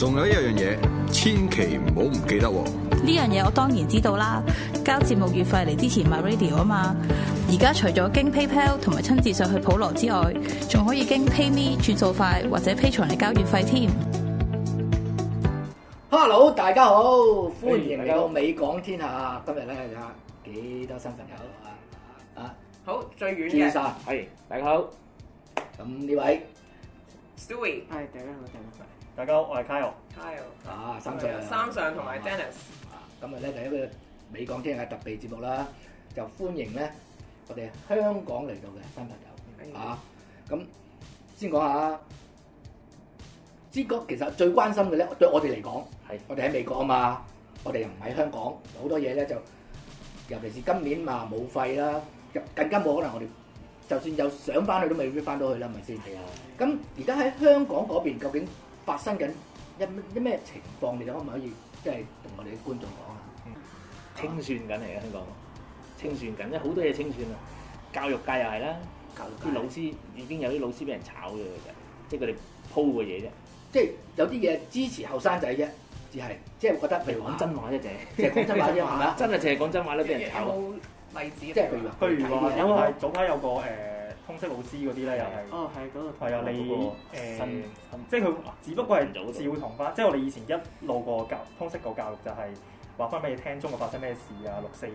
仲有一樣嘢，千祈唔好唔記得。呢樣嘢我當然知道啦，交節目月費嚟支持 MyRadio 啊嘛。而家除咗經 PayPal 同埋親自上去普羅之外，仲可以經 PayMe 轉數快或者 Patreon 嚟交月費添。Hello，大家好，歡迎嚟到美港天下。今日咧有幾多新朋友啊？啊，好最遠嘅，係大家好。咁呢位 Stewie 係大家好，大家大家好，我係 Kyle。Kyle 啊，三上，三上同埋 Dennis。今日咧，就一個美港同心嘅特別節目啦，就歡迎咧我哋香港嚟到嘅新朋友啊。咁先講下，資哥其實最關心嘅咧，對我哋嚟講，我哋喺美國啊嘛，我哋又唔喺香港，好多嘢咧就，尤其是今年嘛，冇費啦，更加冇可能我哋就算有想翻去，都未必翻到去啦，係咪先？係啊。咁而家喺香港嗰邊究竟，發生緊一咩情況？你可唔可以即係同我哋嘅觀眾講啊？清算緊嚟嘅香港，清算緊，因好多嘢清算啊。教育界又係啦，教育界啲老師已經有啲老師俾人炒咗嘅啫，即係佢哋鋪嘅嘢啫。即係有啲嘢支持後生仔啫，只係即係覺得譬如講真話啫，淨係講真話啫，係咪真係淨係講真話啦，俾人炒。舉例子，即係譬如話，有冇係早啲有個誒？通識老師嗰啲咧又係，係啊，你誒，即係佢，只不過係照同翻，即係我哋以前一路個教通識個教育就係話翻俾你聽中國發生咩事啊，六四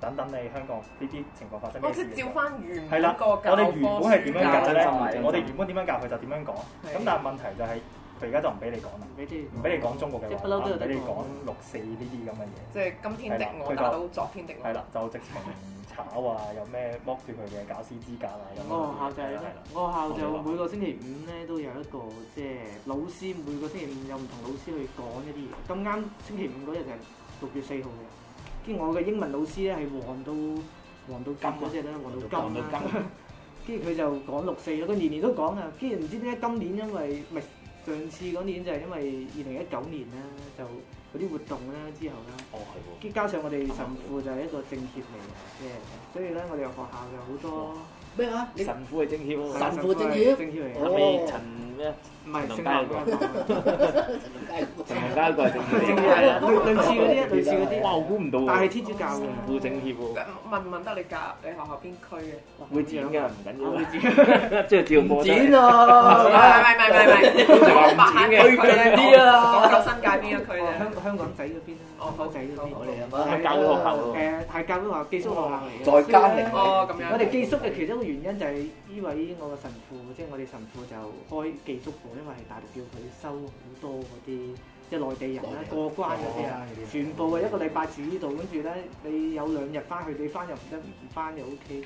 等等，你香港呢啲情況發生咩事。即係照翻原本個教。係啦，我哋原本係點樣教咧？我哋原本點樣教佢就點樣講。咁但係問題就係佢而家就唔俾你講啦，唔俾你講中國嘅話，唔俾你講六四呢啲咁嘅嘢。即係今天的我打到昨天的我。係啦，就直情。炒啊！有咩剝奪佢嘅教師資格啊咁啊！我學校就係啦，我學校就每個星期五咧都有一個，即係老師每個星期五有唔同老師去講一啲嘢。咁啱星期五嗰日就係六月四號嘅，跟住我嘅英文老師咧係黃到黃到金嗰隻咧，黃到金啦。跟住佢就講六四咯，佢年年都講啊。跟住唔知點解今年，因為唔係上次嗰年就係因為二零一九年咧就。啲活動咧，之後咧，哦，係跟住加上我哋神父就係一個政協嚟嘅，嗯、所以咧，嗯、我哋學校就好多。嗯咩話？神父係政協喎，神父政協，同埋陳咩啊？唔係陳家固。陳家固，陳家固係政協嚟。類類似嗰啲，類似嗰啲。哇！我估唔到喎。但係天主教神父政協喎。問問得你教你學校邊區嘅？會剪㗎，唔緊要，會剪嘅，即係剪波。唔剪啊！唔係唔係唔係唔係，唔係唔係唔係。區嘅啲啦，講個新界邊個區咧？香香港仔嗰邊咧？哦，狗仔嗰啲我嚟啦，係教導學校，誒係教導學校寄宿學校嚟嘅，在監嚟嘅。我哋寄宿嘅其中一個原因就係呢位我嘅神父，即係我哋神父就開寄宿部，因為大陸叫佢收好多嗰啲即係內地人啦，過關嗰啲啊，全部嘅一個禮拜住呢度，跟住咧你有兩日翻去，你翻又唔得，唔翻又 O K，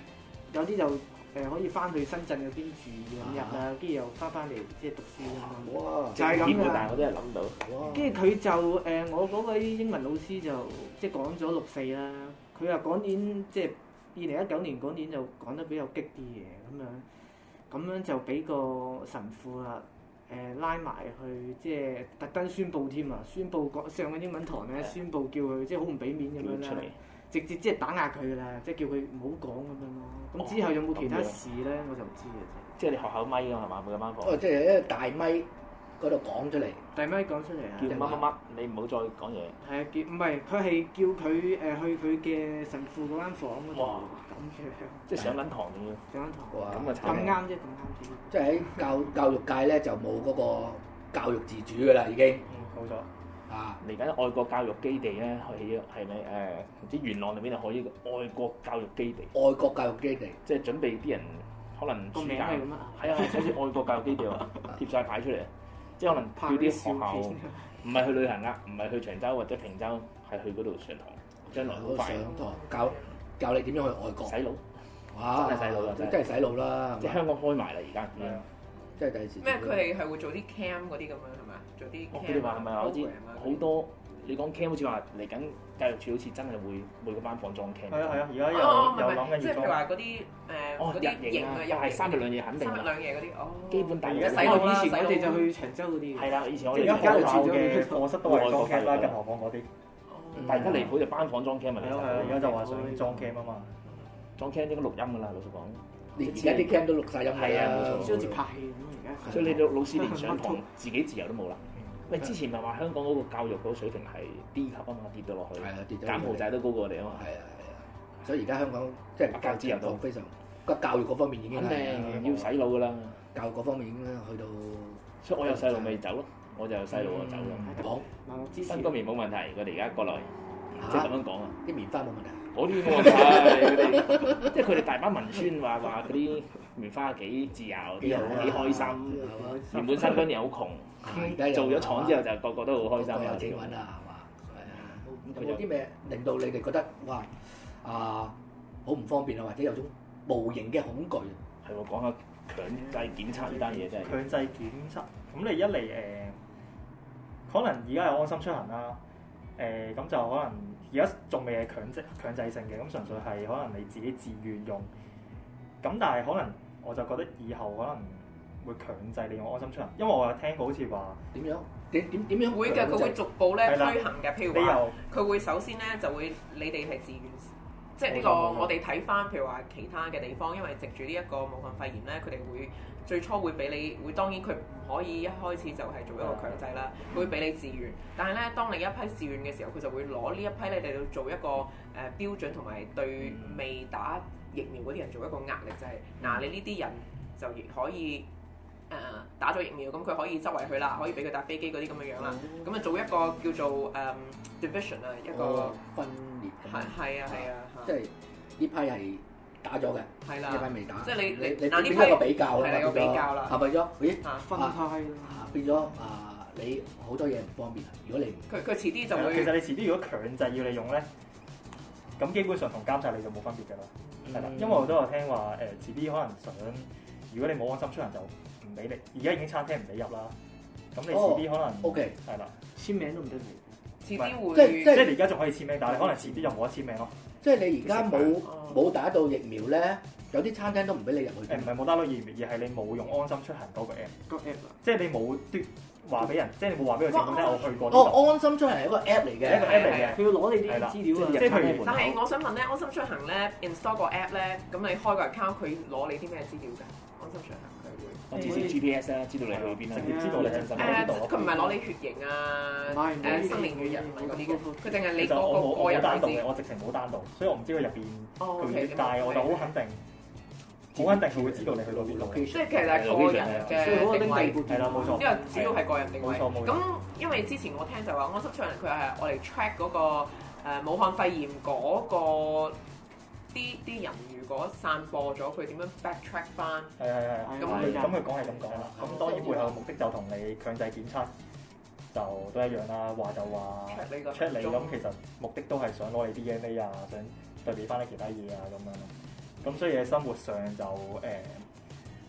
有啲就。誒、呃、可以翻去深圳嗰邊住兩日啊，跟住又翻翻嚟即係讀書咁哇樣。哇！就係咁但係我都係諗到。跟住佢就誒，我嗰位英文老師就即係講咗六四啦。佢話嗰年即係二零一九年嗰年就講得比較激啲嘢咁樣。咁樣就俾個神父啊誒、呃、拉埋去，即係特登宣佈添啊！宣佈講上個英文堂咧，宣佈叫佢、呃、即係好唔俾面咁樣出嚟。直接即係打壓佢啦，即係叫佢唔好講咁樣咯。咁之後有冇其他事咧？我就唔知嘅啫、哦。即係你學校咪咁係嘛？冇咁樣講。即係一個大咪嗰度講出嚟，大咪講出嚟啊！叫乜乜乜，你唔好再講嘢。係啊，叫唔係佢係叫佢誒去佢嘅神父嗰間房嗰度。哇！咁樣，即係上緊堂咁樣。上緊課堂。哇！咁啊慘。咁啱啫，咁啱。即係喺教教育界咧，就冇嗰個教育自主噶啦，已經。嗯，冇錯。嚟緊愛國教育基地咧，去係咪誒？唔、啊、知元朗定邊度可以愛國教育基地？愛國教育基地，即係準備啲人可能專假。咁啊！係啊、哎，寫住愛國教育基地，啊， 貼晒牌出嚟。啊，即係可能叫啲學校，唔係去旅行啊，唔係去長洲或者平洲，係去嗰度上堂。將來我都上堂教教你點樣去愛國。洗腦、啊？哇！真係洗腦啦！即係是香港開埋啦，而家。即係、嗯、第時。咩？佢係係會做啲 cam 嗰啲咁樣。佢哋話係咪話好似好多？你講 cam 好似話嚟緊教育處好似真係會每個班房裝 cam？係啊係啊，而家又又講緊要裝 cam 即係譬如話嗰啲誒嗰啲型啊，又係三日兩夜肯定三日兩夜嗰啲。基本大定啊！以前我哋就去長洲嗰啲。係啦，以前我哋而家 cam 嘅課室都係裝 cam 啦，任何房嗰啲。但而家離譜就班房裝 cam 啊！而家就話想裝 cam 啊嘛，裝 cam 應該錄音㗎啦。老實講，自己啲 cam 都錄晒音係啊，好似拍戲咁而家。所以你老師連上堂自己自由都冇啦。喂，之前咪話香港嗰個教育水平係低級啊嘛，跌到落去，柬埔寨都高過我哋啊嘛。係啊係啊，所以而家香港即係教育自由度，非常，個教育嗰方面已經係要洗腦噶啦。教育嗰方面已經去到，所以我有細路咪走咯，我就有細路啊走咯。講，民生方面冇問題，我哋而家國內即係咁樣講啊，啲棉花冇問題，冇啲冇問題，即係佢哋大班文宣話話嗰啲。棉花幾自由，啲人幾開心，嗯、原本新疆人好窮，嗯、做咗廠之後、嗯、就個個都好開心。有錢揾啦，係嘛？係啊。吧有啲咩令到你哋覺得哇啊好唔方便啊？或者有種無形嘅恐懼？係喎、嗯，講下強制檢測呢單嘢真係。強制檢測咁你一嚟誒、呃，可能而家係安心出行啦。誒、呃、咁就可能而家仲未係強制強制性嘅，咁純粹係可能你自己自願用。咁但係可能。我就覺得以後可能會強制你用安心出行，因為我有聽過好似話點樣點點點樣會嘅，佢會逐步咧的推行嘅。譬如話，佢有會首先咧就會你哋係自願，即係、這、呢個我哋睇翻譬如話其他嘅地方，因為藉住呢一個武漢肺炎咧，佢哋會最初會俾你會，當然佢唔可以一開始就係做一個強制啦，的會俾你自願。但係咧，當你一批自願嘅時候，佢就會攞呢一批你哋做一個誒標、呃呃呃、準同埋對未打。疫苗嗰啲人做一個壓力，就係，嗱你呢啲人就可以誒打咗疫苗，咁佢可以周圍去啦，可以俾佢搭飛機嗰啲咁嘅樣啦，咁啊做一個叫做誒 division 啊，一個分裂，係係啊係啊，即係呢批係打咗嘅，呢批未打，即係你你你呢批個比較啦，個比較啦，係為咗咦分開，嚇變咗啊你好多嘢唔方便啊，如果你唔佢佢遲啲就會，其實你遲啲如果強制要你用咧，咁基本上同監察你就冇分別嘅啦。係啦，因為我都有聽話誒，遲啲可能想，如果你冇安心出行就唔俾你，而家已經餐廳唔俾入啦。咁你遲啲可能 OK 係啦，簽名都唔得喎。遲啲會即即即係而家仲可以簽名，但係你可能遲啲又冇得簽名咯。即係你而家冇冇打到疫苗咧，有啲餐廳都唔俾你入去。誒唔係冇打到疫苗，而係你冇用安心出行嗰個 app，即係你冇啲，話俾人，即係你冇話俾佢知咩？我去過哦，安心出行係一個 app 嚟嘅，一個 app 嚟嘅，佢要攞你啲資料啊。即係佢，但係我想問咧，安心出行咧，install 個 app 咧，咁你開個 account，佢攞你啲咩資料嘅？安心出行佢會，我知 GPS 啦，知道你去邊啦。知道你真實嘅位置。誒，佢唔係攞你血型啊，生命嘅人啲嘅，佢淨係你我有人單獨嘅，我直情冇單獨，所以我唔知佢入邊佢點解，我就好肯定。好肯定佢會知道你去到邊度，即係其實係個人嘅定位。係啦、嗯，冇錯。啲人主要係個人定位。冇錯，冇錯。咁因為之前我聽就話、那個，安心出行，佢係我哋 track 嗰個武漢肺炎嗰、那個啲啲人，如果散播咗，佢點樣 backtrack 翻？係係係。咁咁佢講係咁講啦。咁當然背後的目的就同你強制檢測就都一樣啦。話就話 check 你 check 你，咁其實目的都係想攞你 DNA 啊，想對比翻你其他嘢啊咁樣。咁所以喺生活上就誒、欸，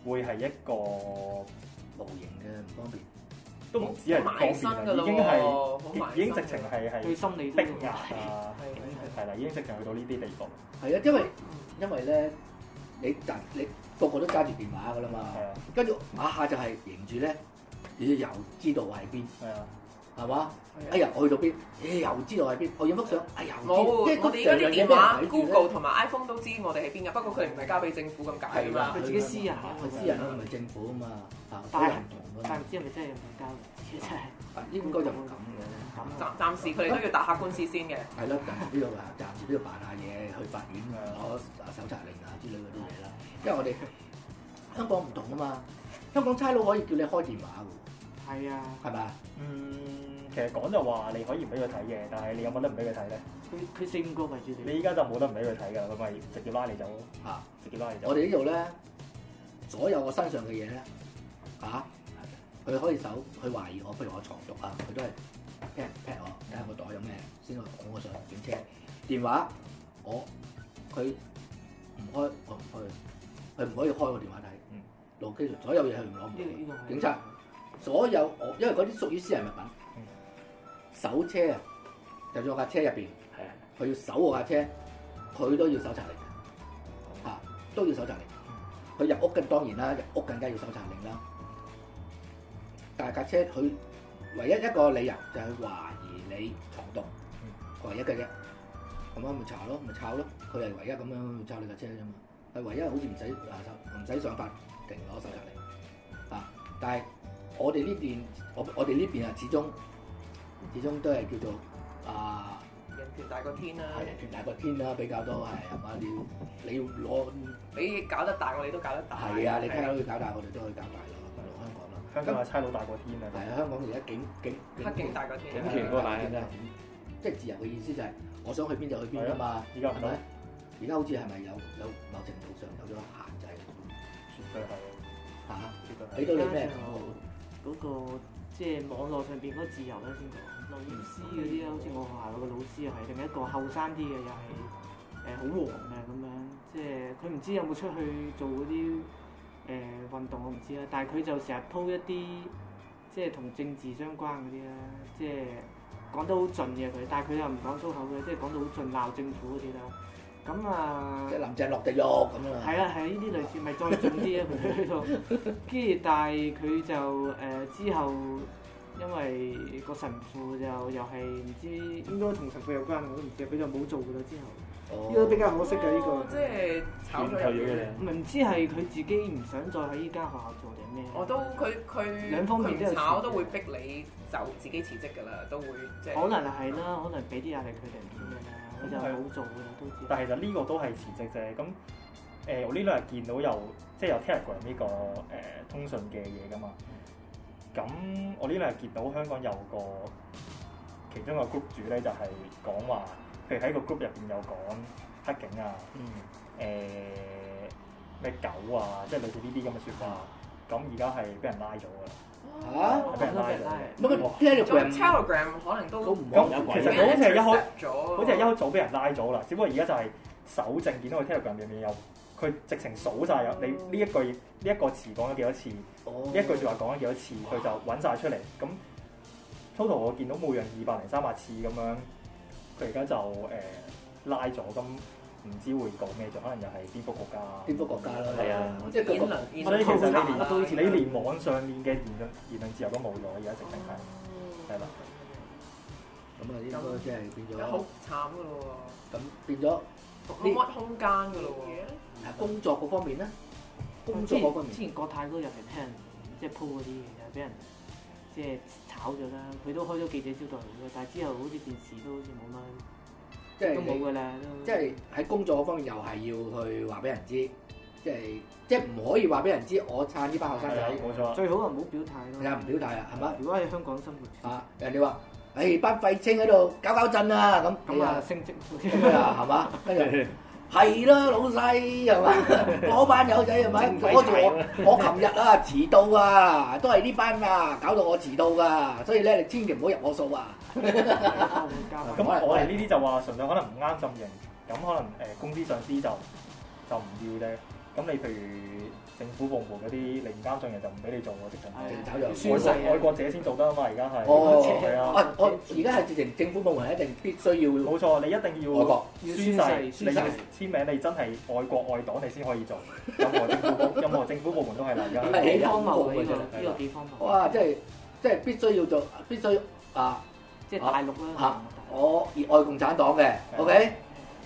會係一個無形嘅唔方便，都唔止係方便啦，已經係已經直情係係對心理迫壓，係啦，已經直情去到呢啲地步。係啊，因為因為咧，你人你個個都揸住電話噶啦嘛，跟住馬下就係迎住咧，你又知道喺邊。係嘛？哎呀，我去到邊？哎呀，又知道喺邊？我影幅相，哎呀，冇。即係佢哋而家啲電話，Google 同埋 iPhone 都知我哋喺邊噶。不過佢哋唔係交俾政府咁解嘅嘛，佢自己私人嚇。私人啦，唔係政府啊嘛。大銀行。但係唔知係咪真係唔交？真係。應該就咁嘅。暫暫時佢哋都要打下官司先嘅。係咯，暫時呢度啊，暫時都要辦下嘢，去法院啊，攞搜查令啊之類嗰啲嘢啦。因為我哋香港唔同啊嘛，香港差佬可以叫你開電話㗎。係啊。係咪啊？嗯。其實講就話你可以唔俾佢睇嘅，但係你有冇得唔俾佢睇咧？佢佢四五個為住你。你依家就冇得唔俾佢睇㗎，佢咪直接拉你走。嚇、啊！直接拉你走。我哋呢度咧，所有我身上嘅嘢咧，嚇、啊，佢可以搜，佢懷疑我，譬如我藏毒啊，佢都係劈劈我睇下我袋有咩先話。我上警車，電話我佢唔開，我唔開，佢唔可以開我電話睇。不不嗯。落機所有嘢佢唔攞。呢呢個係。警察所有我，因為嗰啲屬於私人物品。搜車啊，就咗架車入邊，係啊的，佢要搜我架車，佢都要搜查令，啊，都要搜查令。佢入屋咁當然啦，入屋更加要搜查令啦。但係架車佢唯一一個理由就係懷疑你藏毒，嗯、唯一嘅啫。咁啊咪查咯，咪抄咯，佢係唯一咁樣抄你架車啫嘛。係唯一好似唔使啊手唔使上法庭攞搜查令，啊！但係我哋呢邊我我哋呢邊啊，始終。始終都係叫做啊，人權大過天啦，人權大過天啦，比較多係係嘛？你你攞你搞得大，我哋都搞得大。係啊，你睇到佢搞大，我哋都可以搞大咯。香港咯，香港係差佬大過天啊。係啊，香港而家警警，黑警大過天，警權個即係自由嘅意思就係我想去邊就去邊啊嘛。而家係咪？而家好似係咪有有某程度上有咗限制？絕對係啊！嚇，絕對。加上嗰個即係網絡上邊嗰個自由咧先講。老師嗰啲啊，好似、嗯、我，我學校個老師又係，另一個後生啲嘅又係，誒、呃、好黃嘅咁樣，即係佢唔知有冇出去做嗰啲誒運動，我唔知啦。但係佢就成日 po 一啲即係同政治相關嗰啲啦，即係講得好盡嘅佢，但係佢又唔講粗口嘅，即係講到好盡鬧政府嗰啲啦。咁啊，即係林鄭落地獄咁啊。係啊係，呢啲、啊、類似咪 再盡啲啊，佢喺度。跟住但係佢就誒、呃、之後。之後之後因為個神父就又係唔知應該同神父有關，我都唔知，佢就冇做咗之後，呢個比較可惜嘅呢個，即係炒咗人。唔係唔知係佢自己唔想再喺依間學校做定咩？我都佢佢兩方面都炒，都會逼你就自己辭職㗎啦，都會。可能係啦，可能俾啲壓力佢哋唔做啦，佢就冇做啦，都知。但係就呢個都係辭職啫。咁誒，我呢兩日見到有，即係有 Telegram 呢個誒通訊嘅嘢㗎嘛。咁我呢兩日見到香港有一個其中一個 group 主咧，就係、是、講話，譬如喺個 group 入邊有講黑警啊，嗯，誒、呃、咩狗啊，即、就、係、是、類似呢啲咁嘅説話。咁而家係俾人拉咗噶啦，嚇、啊？俾人拉咗，乜嘢？Telegram 可能都都唔咁，其實好似係一開，好似係一開早俾人拉咗啦。只不過而家就係搜證見到個 Telegram 入面有，佢直情數曬有、嗯、你呢一句呢一個詞講咗幾多次。一句說話講咗幾多次，佢就揾晒出嚟。咁 total 我見到每人二百零三百次咁樣，佢而家就誒拉咗，咁唔知會講咩？就可能又係顛覆國家啊！顛覆國家咯，係啊！即係言論，所以其實你連你連網上面嘅言論言論自由都冇咗而家直存在，係啦。咁啊，呢個即係變咗好慘噶咯喎！咁變咗冇乜空間噶咯喎！工作嗰方面咧？工作之前之前國泰都日係俾人，即係 po 嗰啲嘢，又俾人即係炒咗啦。佢都開咗記者招待會，但係之後好似件事都好似冇乜，即係都冇㗎啦。即係喺工作嗰方面又係要去話俾人知，即係即係唔可以話俾人知我撐呢班後生仔。冇錯，最好係唔好表態咯。又唔表態啊，係嘛？如果喺香港生活，啊人哋話，哎班廢青喺度搞搞震啊，咁咁啊升職添啊，係嘛？係咯，老細係嘛？班 友仔係咪？是是我我我琴日啊遲到啊， 到都係呢班啊搞到我遲到噶，所以咧你千祈唔好入我數啊！咁、 嗯、我哋呢啲就話純粹可能唔啱陣型，咁可能誒公司上司就就唔要啫！咁你譬如。政府部門嗰啲零監進嘅就唔俾你做喎，直情要找人宣誓，愛國者先做得啊嘛！而家係哦，係啊，我而家係直情政府部門一定必須要冇錯，你一定要宣誓，你簽名，你真係愛國愛黨，你先可以做，任何政府部任何政府部門都係啦。家，咪幾方便嘅啫？呢個幾方便。哇！即係即係必須要做，必須啊！即係大陸啦嚇，我愛共產黨嘅，OK，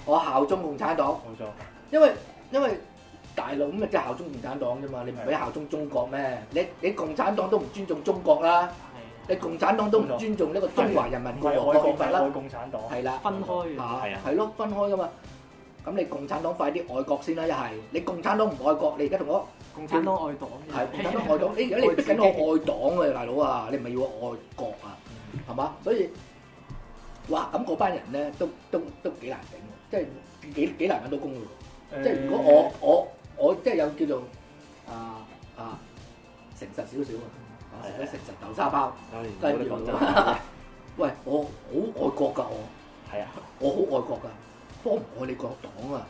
我效忠共產黨冇錯，因為因為。大陸咁咪即係效忠共產黨啫嘛，你唔可以效忠中國咩？你你共產黨都唔尊重中國啦，你共產黨都唔尊重呢個中華人民共和國國旗啦，係啦，分開，係啊，係咯，分開噶嘛。咁你共產黨快啲愛國先啦，一係你共產黨唔愛國，你而家同我共產黨愛黨，係共產黨愛黨，依家你逼緊我愛黨啊大佬啊，你唔係要愛國啊，係嘛？所以哇，咁嗰班人咧都都都幾難頂，即係幾幾難揾到工咯。即係如果我我。我即係有叫做啊啊誠實少少啊，誠實豆沙包，雞喂，我好愛國㗎我，係啊，我好愛國㗎，但唔愛你國黨啊。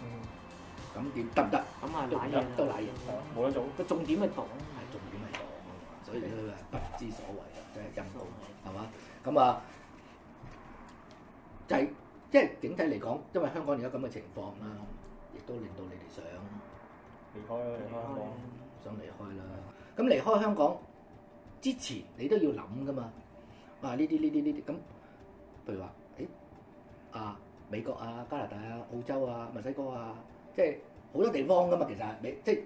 咁點得唔得？咁啊，揦人都揦人，冇得做。個重點嘅黨，係重點係黨。所以你話不知所謂啊，真係陰功係嘛？咁啊，就係即係整體嚟講，因為香港而家咁嘅情況啦，亦都令到你哋想。離開香港，想離開啦。咁離開香港之前，你都要諗噶嘛。啊，呢啲呢啲呢啲咁。譬如話，誒、欸、啊美國啊、加拿大啊、澳洲啊、墨西哥啊，即係好多地方噶嘛。其實，即係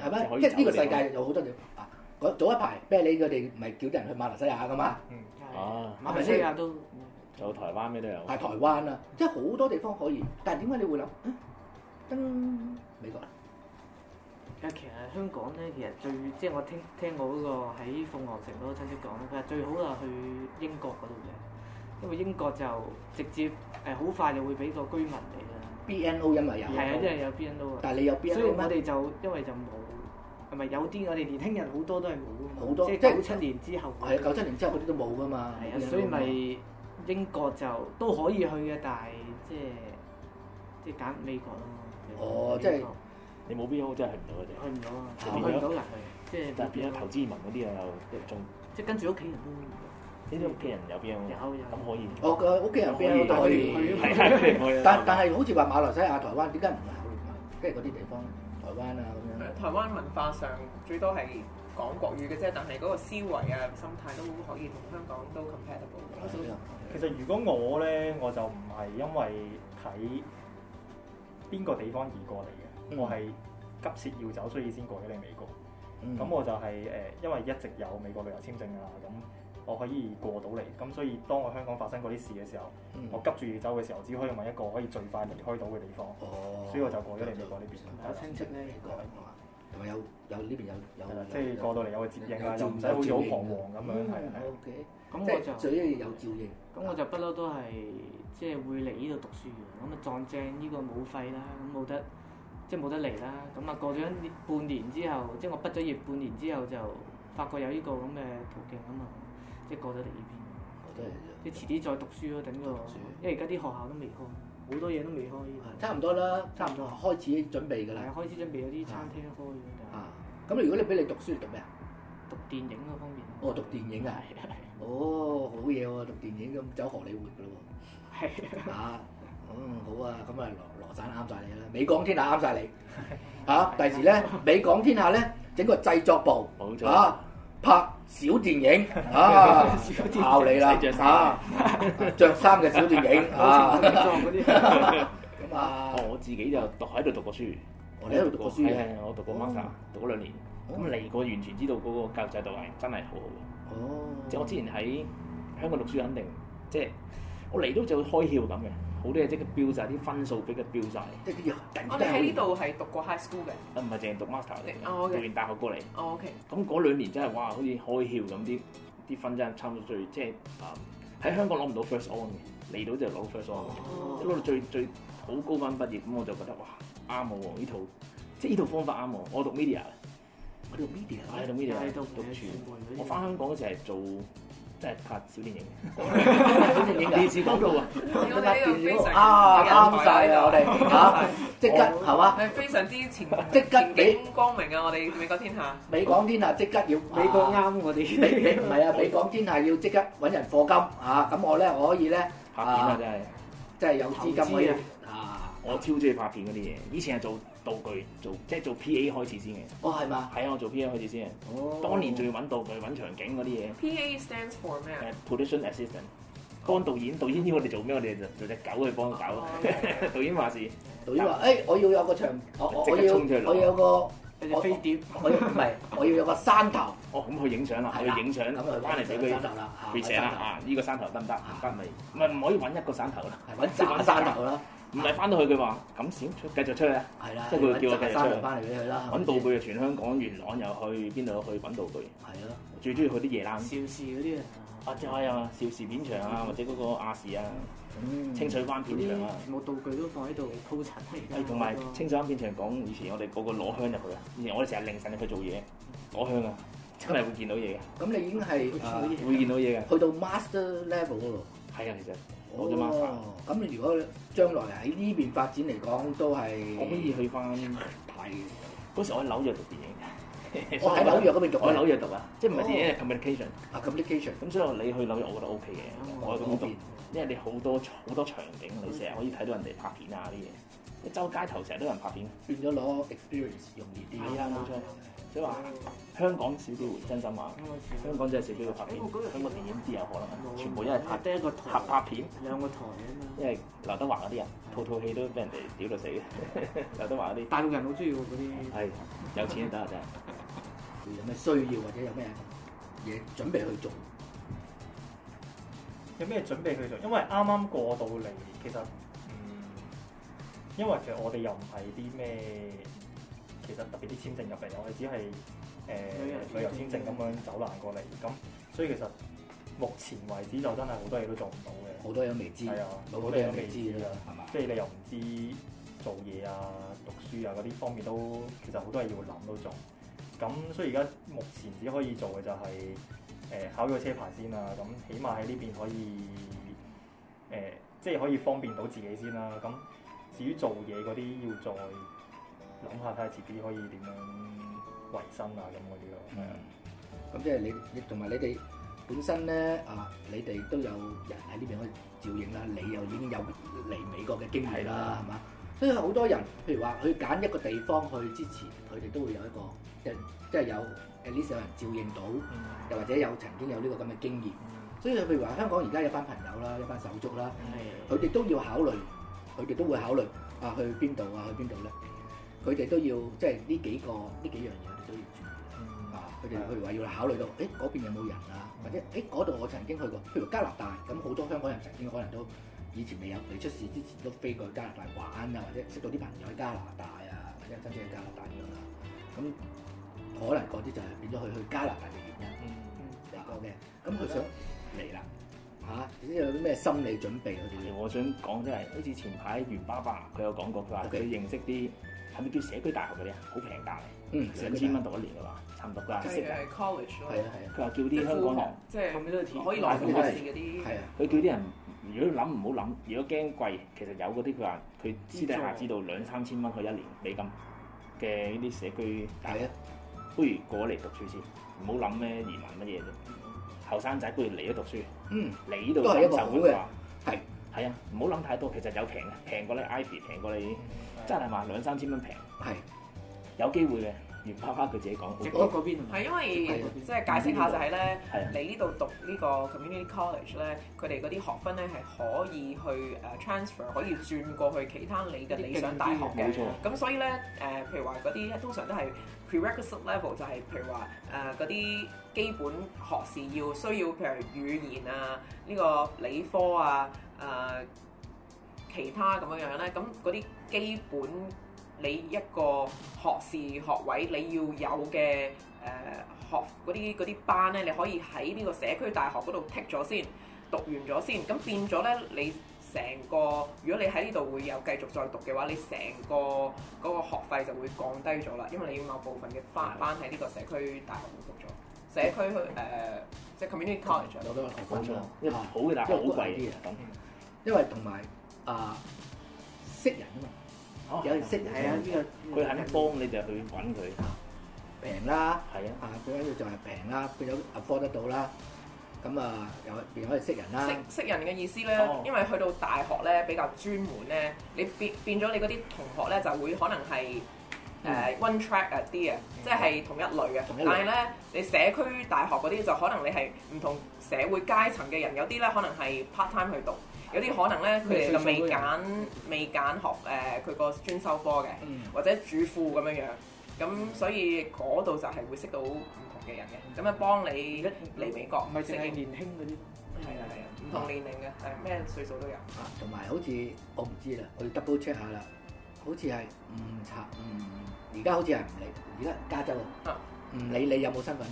係咪？即係呢個世界有好多地方。嗰、啊、早一排咩你 Billy 佢哋咪叫啲人去馬來西亞噶嘛？嗯、啊，馬來西亞都有台灣咩都有。係台灣啊，即係好多地方可以。但係點解你會諗、啊？登美國。其實香港咧，其實最即係我聽聽我嗰個喺鳳凰城嗰個親戚講，佢話最好啊去英國嗰度嘅，因為英國就直接誒好快就會俾個居民嚟啦。BNO 因為有係啊，因為、就是、有 BNO 啊。但係你有 BNO 咩？所以我哋就因為就冇係咪？有啲、NO、我哋年輕人好多都係冇嘅嘛。好多即係九七年之後，係九七年之後嗰啲都冇㗎嘛。係啊對，B NO 所以咪英國就都可以去嘅，但係即係即係揀美國咯。哦，即係。即你冇邊個真係去唔到嘅啫？去唔到啊！去唔到啊，即係變咗投資移民嗰啲啊，又仲即係跟住屋企人咯。啲屋企人有邊個？有咁可以。我個屋企人邊個都可以，但但係好似話馬來西亞、台灣點解唔考慮啊？即係嗰啲地方，台灣啊咁樣。台灣文化上最多係講國語嘅啫，但係嗰個思維啊、心態都可以同香港都 compatible 嘅。其實如果我咧，我就唔係因為睇邊個地方而過嚟。我係急切要走，所以先過咗嚟美國。咁我就係、是、誒，因為一直有美國旅遊簽證㗎喇，咁我可以過到嚟。咁所以當我香港發生嗰啲事嘅時候，我急住要走嘅時候，只可以揾一個可以最快離開到嘅地方。哦，所以我就過咗嚟美國呢邊。有親戚咧，如果同埋有有呢邊有有。即係、就是、過到嚟有個接應啊，就唔使好似好彷徨咁樣係。OK，咁我就，就最緊要有照應。咁我就不嬲都係即係會嚟呢度讀書。咁啊撞正呢、這個冇費啦，咁冇得。即係冇得嚟啦，咁啊過咗一年半年之後，即係我畢咗業半年之後就發覺有呢個咁嘅途徑啊嘛，即係過咗嚟呢邊，都係即係遲啲再讀書咯，等個，因為而家啲學校都未開，好多嘢都未開。差唔多啦，差唔多開始準備㗎啦。係開始準備有啲餐廳開咗。的啊，咁如果你俾你讀書，讀咩啊？讀電影方面。哦，讀電影啊？係 哦，好嘢喎，哦，讀電影咁走荷里活㗎咯喎。係。啊！嗯、好啊，咁啊羅羅生啱晒你啦，美港天下啱晒你嚇。第時咧美港天下咧整個製作部冇錯啊拍小電影啊，靠你啦着衫，着衫嘅小電影啊。我、啊、我自己就讀喺度讀過書，我喺度讀,讀過書，係、啊、我讀過 master,、哦、讀過兩年。咁嚟過完全知道嗰個教育制度係真係好好哦，即係我之前喺香港讀書肯定，即係我嚟到就會開竅咁嘅。好多嘢即刻飆晒，啲分數畀佢飆晒。我哋喺呢度係讀過 high school 嘅。唔係淨係讀 master，嚟讀完大學過嚟。OK。咁嗰兩年真係哇，好似開竅咁啲，啲分真係差唔多最即係啊！喺香港攞唔到 first on 嘅，嚟到就攞 first on，即攞到最最好高分畢業。咁我就覺得哇，啱喎呢套，即係呢套方法啱喎。我讀 media，我讀 media，我喺讀 media，讀傳媒。我翻香港嗰時係做。即係拍小電影，小電影嘅電視廣告啊！啊啱晒啊，我哋嚇即刻，係嘛？非常之前，即刻幾光明啊！我哋美國天下，美港天下即刻要美國啱我哋，唔係啊！美港天下要即刻揾人課金嚇，咁我咧可以咧拍片啊！真係真係有資金可以，我超中意拍片嗰啲嘢，以前係做。道具做即係做 P A 開始先嘅。哦，係嘛？係啊，我做 P A 開始先。哦，當年仲要揾道具、揾場景嗰啲嘢。P A stands for 咩啊？Production assistant。幫導演，導演要我哋做咩，我哋就做隻狗去幫佢搞。導演話事，導演話，誒，我要有個場，我要，我要有個，我飛碟，我唔係，我要有個山頭，哦，咁去影相啦，去影相，咁翻嚟俾佢。山頭啦，嚇，呢個山頭得唔得？得咪？唔係唔可以揾一個山頭啦，揾揾山頭啦。唔係翻到去佢話咁少出，繼續出去啊。係啦，即係佢叫我第三出翻嚟俾佢啦。揾道具啊，全香港元朗又去邊度去揾道具？係啊，最中意去啲夜冷邵氏嗰啲啊。阿即啊，邵氏片場啊，或者嗰個亞視啊，清水灣片場啊，全部道具都放喺度鋪陳。係同埋清水灣片場講以前我哋嗰個攞香入去啊，以前我哋成日凌晨入去做嘢攞香啊，真係會見到嘢嘅。咁你已經係會見到嘢嘅，去到 master level 度。係啊，其實。好啲嘛。咁你如果將來喺呢邊發展嚟講，都係可以去翻睇。嘅。嗰時我喺紐約讀電影嘅，我喺紐約嗰邊讀。我喺紐約讀啊，即係唔係電影係 communication。communication。咁所以你去紐約，我覺得 OK 嘅。我喺嗰邊，因為你好多好多場景，你成日可以睇到人哋拍片啊啲嘢。你周街頭成日都有人拍片，變咗攞 experience 容易啲。啊，冇錯。即係話香港少啲回，真心話。香港真係少啲嘅拍片。香港電影啲有可能，會全部因係拍，得一個合拍片。兩個台啊嘛。因為劉德華嗰啲人對 套套戲都俾人哋屌到死嘅。劉德華嗰啲。大陸人好中意嗰啲。係、哎、有錢啊！真係 有咩需要或者有咩嘢準備去做？有咩準備去做？因為啱啱過到嚟，其實、嗯、因為其實我哋又唔係啲咩。其實特別啲簽證入嚟，我哋只係誒旅遊簽證咁樣走難過嚟，咁所以其實目前為止就真係好多嘢都做唔到嘅，好多嘢都未知，啊，好多嘢都未知啦，係嘛？即係你又唔知吧做嘢啊、讀書啊嗰啲方面都，其實好多嘢要諗都做。咁所以而家目前只可以做嘅就係、是、誒、呃、考咗個車牌先啦，咁起碼喺呢邊可以誒、呃，即係可以方便到自己先啦。咁至於做嘢嗰啲要再。諗下，睇下自己可以點樣維生啊？咁嗰啲咯。嗯。咁的、嗯、即係你，你同埋你哋本身咧啊，你哋都有人喺呢邊可以照應啦。你又已經有嚟美國嘅經驗啦，係嘛的？吧所以好多人，譬如話去揀一個地方去支持佢哋，嗯、都會有一個即即係有 at least 有人照應到，又、嗯、或者有曾經有呢個咁嘅經驗。嗯、所以譬如話，香港而家有班朋友啦，有班手足啦，佢哋、嗯、都要考慮，佢哋都會考慮啊，去邊度啊？去邊度咧？佢哋都要即係呢幾個呢幾樣嘢，都要做。嗯、啊，佢哋譬如話要考慮到，誒嗰邊有冇人啊，嗯、或者誒嗰度我曾經去過，譬如加拿大，咁好多香港人曾經可能都以前未有未出事之前都飛過去加拿大玩啊，或者識到啲朋友喺加拿大啊，或者真正喺加拿大咁樣、啊。咁可能嗰啲就係變咗佢去，去加拿大嘅原因。嗯嗯，一個嘅，咁佢想嚟啦。嗯嚇！有啲咩心理準備嗰啲咧？ 我想講真係，好似前排袁爸爸佢有講過，佢話佢認識啲係咪叫社區大學嗰啲啊？好平噶，大嗯，兩千蚊讀一年噶話，差唔多。噶的，識係 college 咯。係啊係啊。佢話叫啲香港人，即係後面都係可以攞錢嗰啲。係啊。佢叫啲人，如果諗唔好諗，如果驚貴，其實有嗰啲佢話，佢私底下知道兩三千蚊佢一年美金嘅呢啲社區大學，的不如過嚟讀書先，唔好諗咩移民乜嘢啫。後生仔不如嚟咗讀書。嗯，你呢這度都係一個好嘅，係係啊，唔好諗太多，其實有平嘅，平過你 Ivy，平過你，真係嘛，兩三千蚊平，係有機會嘅，袁爸爸佢自己講，直落嗰邊，邊，係因為即係解釋下就係、是、咧，這個、你呢度讀呢個 community college 咧的，佢哋嗰啲學分咧係可以去誒 transfer，可以轉過去其他你嘅理想大學嘅，咁、嗯、所以咧誒、呃，譬如話嗰啲通常都係。prerequisite level 就係、是、譬如話誒嗰啲基本學士要需要譬如語言啊呢、這個理科啊誒、呃、其他咁樣樣咧，咁嗰啲基本你一個學士學位你要有嘅誒、呃、學嗰啲嗰啲班咧，你可以喺呢個社區大學嗰度 take 咗先讀完咗先，咁變咗咧你。成個如果你喺呢度會有繼續再讀嘅話，你成個嗰個學費就會降低咗啦，因為你要某部分嘅花單喺呢個社區大學度讀咗，社區去誒即係 community college 我都會提供咗。好嘅大學好貴啲嘢，咁。因為同埋啊識人啊嘛，有人識係啊呢個，佢肯幫你，就去揾佢啊平啦，係啊啊佢喺度就係平啦，佢有 afford 得到啦。咁啊，又又可以識人啦。識識人嘅意思咧，因為去到大學咧，比較專門咧，你變變咗你嗰啲同學咧就會可能係誒 one track 啊啲啊，即係同一類嘅。但係咧，你社區大學嗰啲就可能你係唔同社會階層嘅人，有啲咧可能係 part time 去讀，有啲可能咧佢哋就未揀未揀學誒佢個專修科嘅，或者主婦咁樣樣。咁所以嗰度就係會識到嘅人嘅，咁啊幫你嚟美國，唔係淨係年輕嗰啲，係啊係啊，唔同年齡嘅，係咩歲數都有。啊，同埋好似我唔知啦，我要 double check 下啦，好似係唔查唔，而家好似係唔理，而家加州，啊，唔理你有冇身份。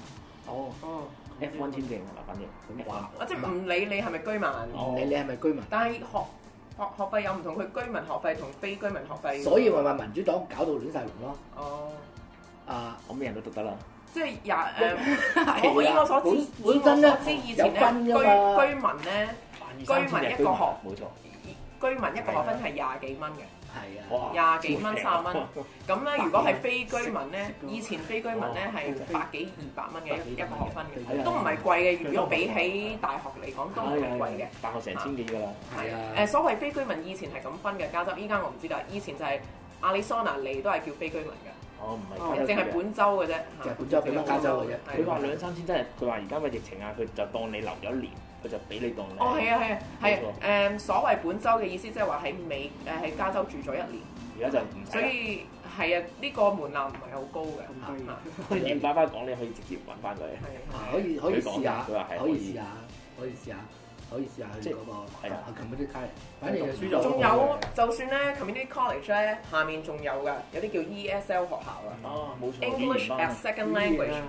哦，哦，F1 簽證係嘛，反正。哇！啊，即係唔理你係咪居民，唔理你係咪居民？但係學學學費有唔同，佢居民學費同非居民學費。所以話話民主黨搞到亂晒龍咯。哦。啊，我咩人都讀得啦。即係廿誒，我依我所知，我所知以前咧居居民咧，居民一個學，冇錯，居民一個學分係廿幾蚊嘅，係啊，廿幾蚊三十蚊。咁咧，如果係非居民咧，以前非居民咧係百幾二百蚊嘅一個學分嘅，都唔係貴嘅。如果比起大學嚟講，都唔係貴嘅。大學成千幾噶啦。係啊，誒所謂非居民以前係咁分嘅，加州依家我唔知道。以前就係亞利桑那你都係叫非居民嘅。我唔係，淨係本州嘅啫，係本州，唔係加州嘅啫。佢話兩三千真係，佢話而家嘅疫情啊，佢就當你留咗一年，佢就俾你當。哦，係啊，係啊，係誒，所謂本州嘅意思，即係話喺美誒喺加州住咗一年。而家就唔使。所以係啊，呢個門檻唔係好高嘅。你唔翻翻講，你可以直接揾翻佢。係，可以可以試下。佢話係可以試下，可以試下。可以試下即嗰個，係啊，Community College，反正輸咗。仲有，就算咧 Community College 咧，下面仲有嘅，有啲叫 ESL 學校啊，English 哦，冇錯，as Second Language。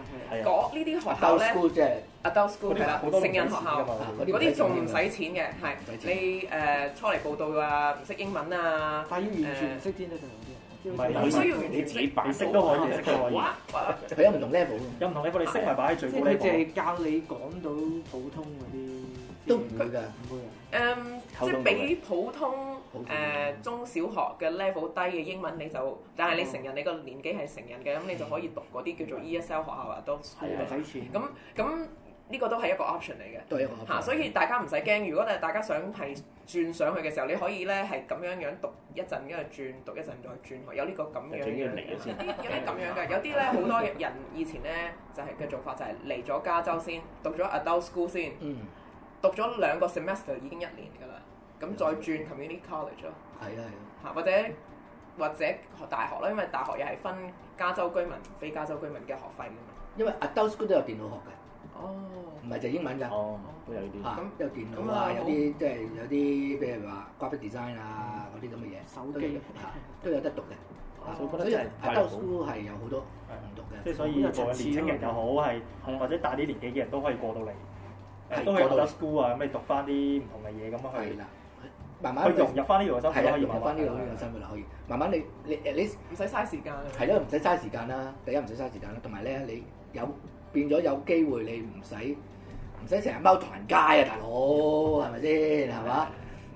嗰呢啲學校咧，Adult School 係啦，好多成人學校，嗰啲仲唔使錢嘅，係你誒初嚟報到啊，唔識英文啊，快識啲咧就唔啲啊，唔係，佢需要你自己白色都可以，識都可以。有唔同 level 有唔同 level，你識埋擺喺最高即係教你講到普通嗰啲。都唔會㗎，唔會。嗯，即係比普通誒中小學嘅 level 低嘅英文你就，但係你成人你個年紀係成人嘅，咁你就可以讀嗰啲叫做 ESL 學校啊都。係啊。唔使錢。咁咁呢個都係一個 option 嚟嘅。都係所以大家唔使驚。如果誒大家想係轉上去嘅時候，你可以咧係咁樣樣讀一陣，跟住轉讀一陣，再轉學。有呢個咁樣。有嚟先。有啲咁樣嘅，有啲咧好多人以前咧就係嘅做法就係嚟咗加州先讀咗 Adult School 先。嗯。讀咗兩個 semester 已經一年㗎啦，咁再轉 Community College 咯。係啊係啊。嚇，或者或者大學啦，因為大學又係分加州居民、非加州居民嘅學費㗎嘛。因為 Adult School 都有電腦學嘅，哦。唔係就英文㗎。哦。都有呢啲。嚇，有電腦啊，有啲即係有啲，譬如話 Graphic Design 啊嗰啲咁嘅嘢。手機。都有得讀嘅。我覺得真係大良好。Adult School 係有好多唔同讀嘅，即係所以無論年輕人又好，係或者大啲年紀嘅人都可以過到嚟。都去讀下 school 啊，咁你讀翻啲唔同嘅嘢咁去，慢慢去融入翻呢樣生活咯，融入翻呢類型嘅生活咯，可以慢慢你你你唔使嘥時間。係咯，唔使嘥時間啦，第一唔使嘥時間啦，同埋咧你有變咗有機會你唔使唔使成日踎唐人街啊大佬，係咪先係嘛？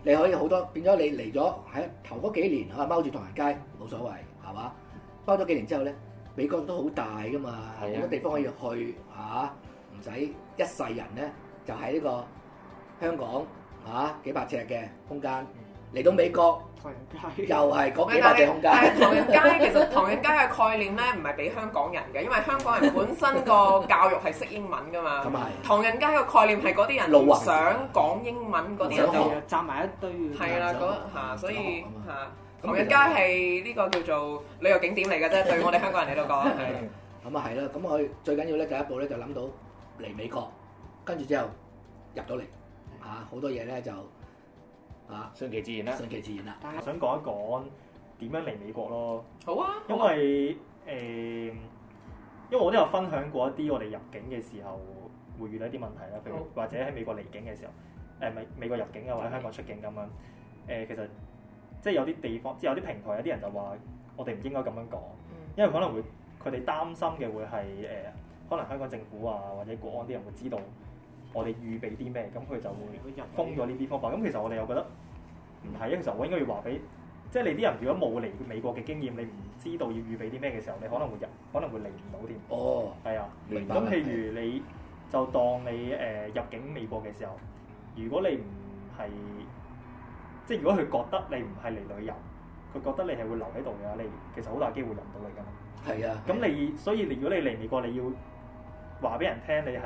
你可以好多變咗你嚟咗喺頭嗰幾年啊，踎住唐人街冇所謂係嘛？踎咗幾年之後咧，美國都好大㗎嘛，好多地方可以去嚇，唔使一世人咧。就喺呢個香港嚇幾百尺嘅空間，嚟到美國唐人街又係講緊幾百尺空間。唐人街其實唐人街嘅概念咧，唔係俾香港人嘅，因為香港人本身個教育係識英文噶嘛。咁係。唐人街個概念係嗰啲人想講英文，嗰啲人就集埋一堆。係啦，咁嚇，所以嚇唐人街係呢個叫做旅遊景點嚟嘅啫。對我哋香港人嚟到講，咁啊係啦。咁佢最緊要咧，第一步咧就諗到嚟美國。跟住之後入到嚟，嚇好、啊、多嘢咧就嚇、啊、順其自然啦，順其自然啦。我想講一講點樣嚟美國咯？好啊，因為誒、啊欸，因為我都有分享過一啲我哋入境嘅時候會遇到一啲問題啦，譬如或者喺美國離境嘅時候，誒美好美國入境啊，或者香港出境咁樣。誒、啊、其實即係有啲地方，即、就、係、是、有啲平台，有啲人就話我哋唔應該咁樣講，因為可能會佢哋擔心嘅會係誒、呃，可能香港政府啊或者國安啲人會知道。我哋預備啲咩，咁佢就會封咗呢啲方法。咁其實我哋又覺得唔係，因為、嗯、其實我應該要話俾，即係你啲人如果冇嚟美國嘅經驗，你唔知道要預備啲咩嘅時候，你可能會入，可能會嚟唔到添。哦，係啊，明白。咁譬如你就當你誒、呃、入境美國嘅時候，如果你唔係，即係如果佢覺得你唔係嚟旅遊，佢覺得你係會留喺度嘅話，你其實好大機會入唔到嚟㗎嘛。係啊。咁你、啊、所以如果你嚟美國，你要話俾人聽你係，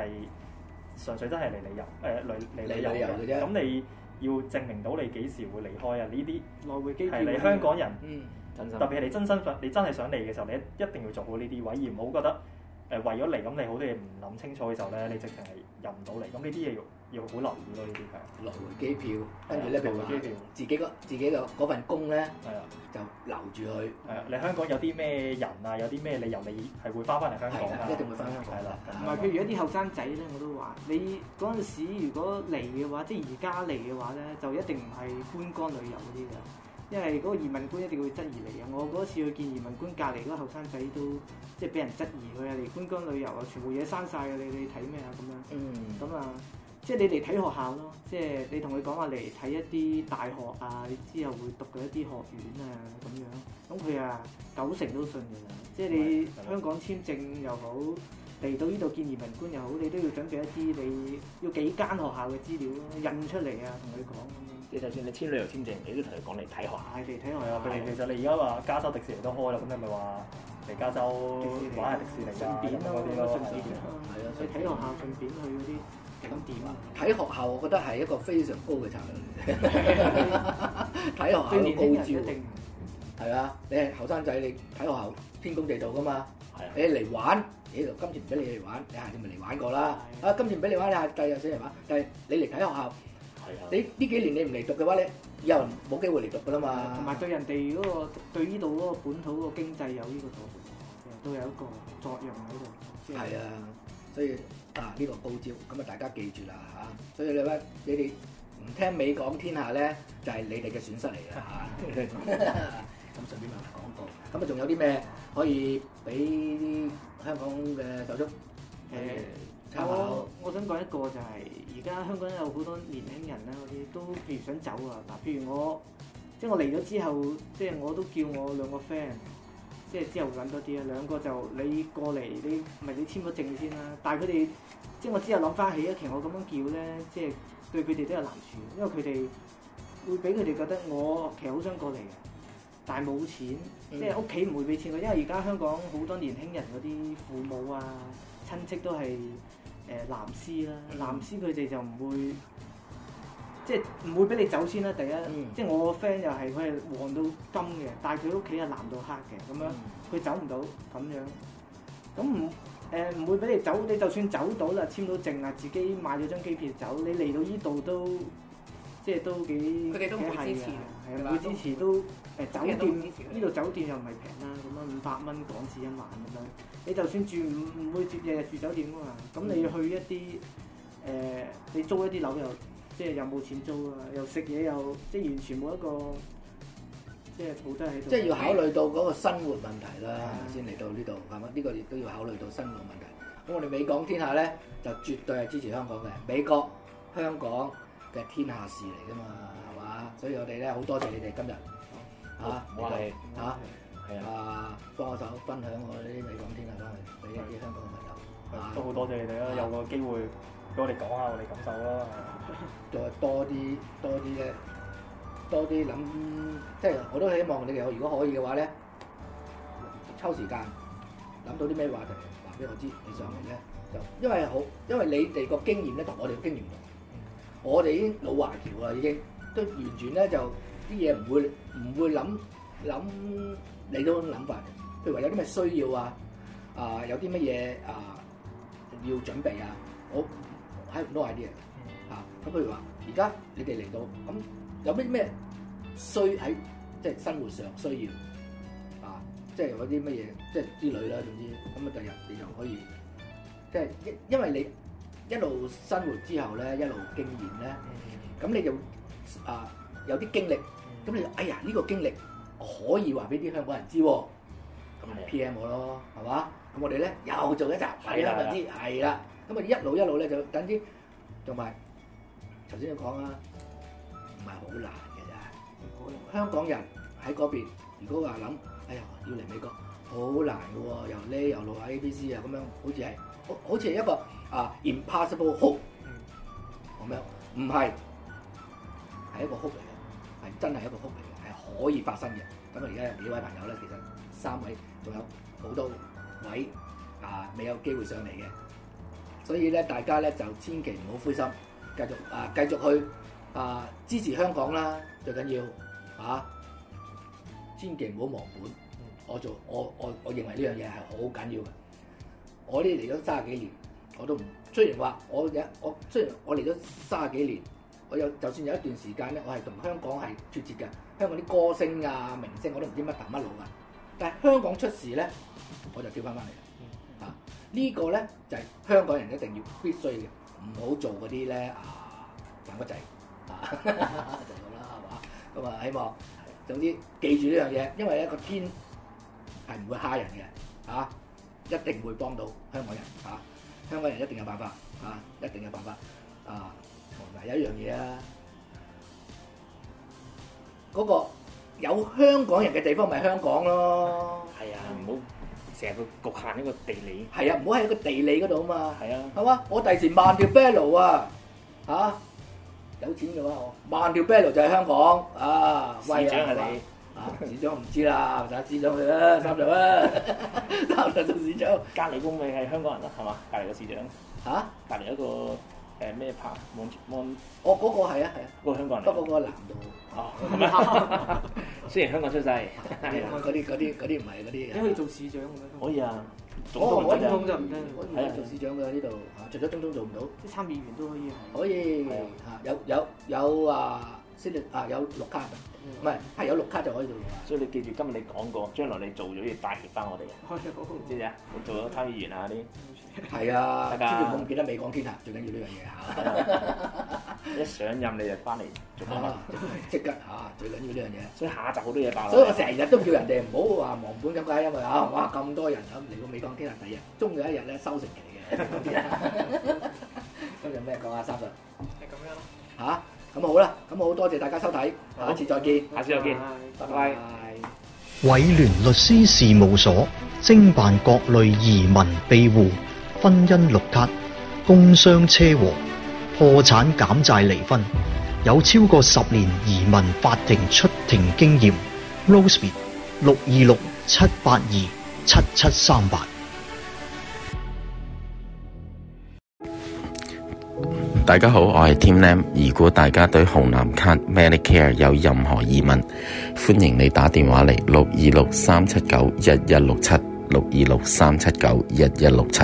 純粹真係嚟旅遊，誒嚟嚟旅遊嘅，咁你要證明到你幾時會離開啊，呢啲係你香港人，特別係你真身份、嗯，你真係想嚟嘅時候，你一一定要做好呢啲位，而唔好覺得。誒為咗嚟，咁你好多嘢唔諗清楚嘅時候咧，你直情係入唔到嚟。咁呢啲嘢要要好留意咯，呢啲係，來回機票，跟住咧來回機票，自己個自己嘅份工咧，了就留住佢。誒，你香港有啲咩人啊？有啲咩理由你係會翻翻嚟香港啊？一定會翻香港。係啦了，同埋譬如一啲後生仔咧，我都話，你嗰陣時如果嚟嘅話，即係而家嚟嘅話咧，就一定唔係觀光旅遊嗰啲嘅。因為嗰個移民官一定會質疑你啊！我嗰次去見移民官，隔離嗰個後生仔都即係俾人質疑，佢啊嚟觀光旅遊啊，全部嘢刪晒啊。你你睇咩啊咁樣？咁啊、嗯，即係你哋睇學校咯，即係你同佢講話嚟睇一啲大學啊，你之後會讀嘅一啲學院啊咁樣。咁佢啊九成都信嘅喇，即係你香港簽證又好，嚟到呢度見移民官又好，你都要準備一啲你要幾間學校嘅資料咯，印出嚟啊，同佢講。你就算你簽旅遊簽證，你都同佢講你睇學校。嚟睇學校，學校其實你而家話加州迪士尼都開啦，咁你咪話嚟加州，加州玩下迪士尼啊？順便啦，順便啦，你睇學校順便去嗰啲咁點啊？睇學校，我覺得係一個非常高嘅策略。睇學校嘅高招。係啊，你係後生仔，你睇學校天公地道㗎嘛。係啊。你嚟玩，耶！今次唔俾你嚟玩，你下次咪嚟玩過啦。啊，今次唔俾你玩，你下次又試嚟玩。但係你嚟睇學校。你呢幾年你唔嚟讀嘅話咧，又冇機會嚟讀噶啦嘛。同埋對人哋嗰個對呢度嗰個本土個經濟有呢個幫助，都有一個作用喺度。係啊，所以啊呢個高招，咁啊大家記住啦嚇。所以你話你哋唔聽美講天下咧，就係你哋嘅損失嚟㗎嚇。咁順便又講過，咁啊仲有啲咩可以俾香港嘅手足誒參考？我我想講一個就係。而家香港有好多年輕人啦、啊，嗰啲都譬如想走啊。嗱，譬如我，即係我嚟咗之後，即係我都叫我兩個 friend，即係之後揾多啲啊。兩個就你過嚟，你唔係你簽咗證先啦、啊。但係佢哋，即係我之後諗翻起，其實我咁樣叫咧，即係對佢哋都有難處，因為佢哋會俾佢哋覺得我其實好想過嚟嘅，但係冇錢，嗯、即係屋企唔會俾錢我。因為而家香港好多年輕人嗰啲父母啊、親戚都係。誒藍絲啦，藍絲佢、啊、哋就唔會，即係唔會俾你走先啦、啊。第一，嗯、即係我個 friend 又係佢係黃到金嘅，但係佢屋企係藍到黑嘅，咁、嗯、樣佢走唔到咁樣。咁唔誒唔會俾你走，你就算走到啦，簽到證啦，自己買咗張機票走，你嚟到依度都即係都幾，佢哋都會支持，係啊吧，會支持都。都誒酒店呢度酒店又唔係平啦，咁樣五百蚊港紙一晚咁樣。你就算住唔唔會住日日住酒店啊嘛，咁你去一啲誒、嗯呃，你租一啲樓又即係又冇錢租啊，又食嘢又即係完全冇一個即係鋪得喺度。即係要考慮到嗰個生活問題啦，先嚟是的 到呢度係咪？呢、呢個亦都要考慮到生活問題。咁我哋美港天下咧就絕對係支持香港嘅美國香港嘅天下事嚟噶嘛，係嘛？所以我哋咧好多謝你哋今日。嚇！唔好話你啊，你幫我手、啊、分享我啲美港天下翻嚟俾啲香港嘅朋友，都好、啊、多謝你哋啦！有個機會俾我哋講下我哋感受啦，再多啲多啲咧，多啲諗、嗯，即係我都希望你哋，如果可以嘅話咧，抽時間諗到啲咩話題，話俾我知，你上嚟想咧？就因為好，因為你哋個經驗咧同我哋經驗唔同，我哋已經老華僑啦，已經都完全咧就啲嘢唔會。唔會諗諗，你都諗法嘅。譬如話有啲咩需要啊，啊有啲乜嘢啊要準備啊，我喺度 no idea 啊咁。譬如話而家你哋嚟到咁有咩咩需喺即係生活上需要啊，即係有啲乜嘢即係之類啦。總之咁啊，第日你就可以即係因因為你一路生活之後咧，一路經驗咧，咁你就啊有啲經歷。咁你，哎呀，呢個經歷可以話俾啲香港人知喎，咁咪 P.M 我咯，係嘛的？咁我哋咧又做一集，係啦的，唔知係啦，咁啊的一路一路咧就等啲，同埋頭先講啦，唔係好難嘅啫。香港人喺嗰邊，如果話諗，哎呀，要嚟美國好難嘅喎，又呢又攞下 ABC 啊咁樣，好似係好好似係一個啊 impossible hope 咁樣，嗯，唔係，係一個 hope。真係一個福嚟嘅，係可以發生嘅。咁啊，而家有幾位朋友咧，其實三位，仲有好多位啊，未有機會上嚟嘅。所以咧，大家咧就千祈唔好灰心，繼續啊，繼續去啊，支持香港啦，最緊要啊，千祈唔好忘本。我做我我我認為呢樣嘢係好緊要嘅。我呢嚟咗卅幾年，我都唔，雖然話我嘅我雖然我嚟咗卅幾年。我有就算有一段時間咧，我係同香港係脫節嘅。香港啲歌星啊、明星，我都唔知乜頭乜路嘅。但係香港出事咧，我就跳翻翻嚟。啊，這個、呢個咧就係、是、香港人一定要必須嘅，唔好做嗰啲咧啊反骨仔啊，就咁啦，係嘛？咁啊，希望總之記住呢樣嘢，因為一個天係唔會蝦人嘅，啊一定會幫到香港人，啊香港人一定有辦法，啊一定有辦法，啊。有一樣嘢啊，嗰個有香港人嘅地方咪香港咯。係啊，唔好成日個局限呢個地理。係啊，唔好喺個地理嗰度啊嘛。係啊。係嘛？我第時萬條飛路啊！嚇，有錢嘅話，我萬條飛路就係香港啊！市長係你啊，市長唔知啦，睇市長去啦，三十蚊，三十蚊市長。隔離公咪係香港人啦，係嘛？隔離個市長嚇，隔離一個。誒咩拍？望望我，嗰個係啊，係啊，不過香港嚟。不過嗰個難度，哦，雖然香港出世，係啊，嗰啲嗰啲嗰啲唔係嗰啲。你可以做市長㗎。可以啊，做唔到總統就唔得。可以做市長㗎呢度，除咗總統做唔到，即係參議員都可以係。可以嚇，有有有啊！啊，有六卡，唔係係有六卡就可以做嘢。所以你記住今日你講過，將來你做咗要帶挈翻我哋啊。知啊？你做咗參議員啊啲。係啊。得㗎。最緊要唔記得美港天下，最緊要呢樣嘢啊！一上任你就翻嚟做乜啊？即刻嚇！最緊要呢樣嘢，所以下集好多嘢爆。所以我成日都叫人哋唔好話忘本咁解，因為啊，哇咁多人咁嚟個美港天下第日，終有一日咧收成期嘅。今日有咩講啊？三叔。係咁樣。嚇？咁好啦，咁好多謝大家收睇，下一次再見，下次再見，再見拜拜。Bye bye 偉聯律師事務所，精辦各類移民庇護、婚姻綠卡、工傷車禍、破產減債、離婚，有超過十年移民法庭出庭經驗。Rosebe 六二六七八二七七三八。大家好，我係 Tim Lam。如果大家對紅藍卡 Medicare 有任何疑問，歡迎你打電話嚟六二六三七九一一六七六二六三七九一一六七。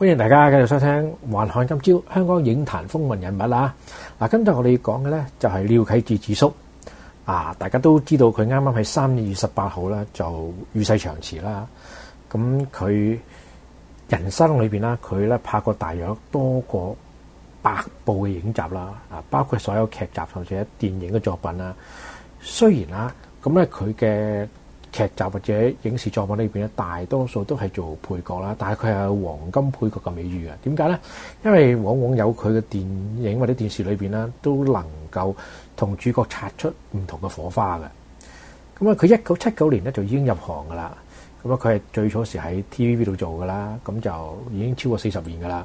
歡迎大家繼續收聽《華漢今朝》香港影壇風雲人物啦！嗱，今日我哋講嘅咧就係廖啟智智叔啊！大家都知道佢啱啱喺三月十八號咧就與世長辭啦。咁、啊、佢人生裏邊啦，佢咧拍過大約多過百部嘅影集啦，啊，包括所有劇集甚至係電影嘅作品啦，啊。雖然啦，咁咧佢嘅。劇集或者影視作品裏邊咧，大多數都係做配角啦，但係佢係有黃金配角嘅美譽啊，點解咧？因為往往有佢嘅電影或者電視裏邊咧，都能夠同主角擦出唔同嘅火花嘅。咁啊，佢一九七九年咧就已經入行噶啦。咁啊，佢係最初時喺 TVB 度做噶啦，咁就已經超過四十年噶啦。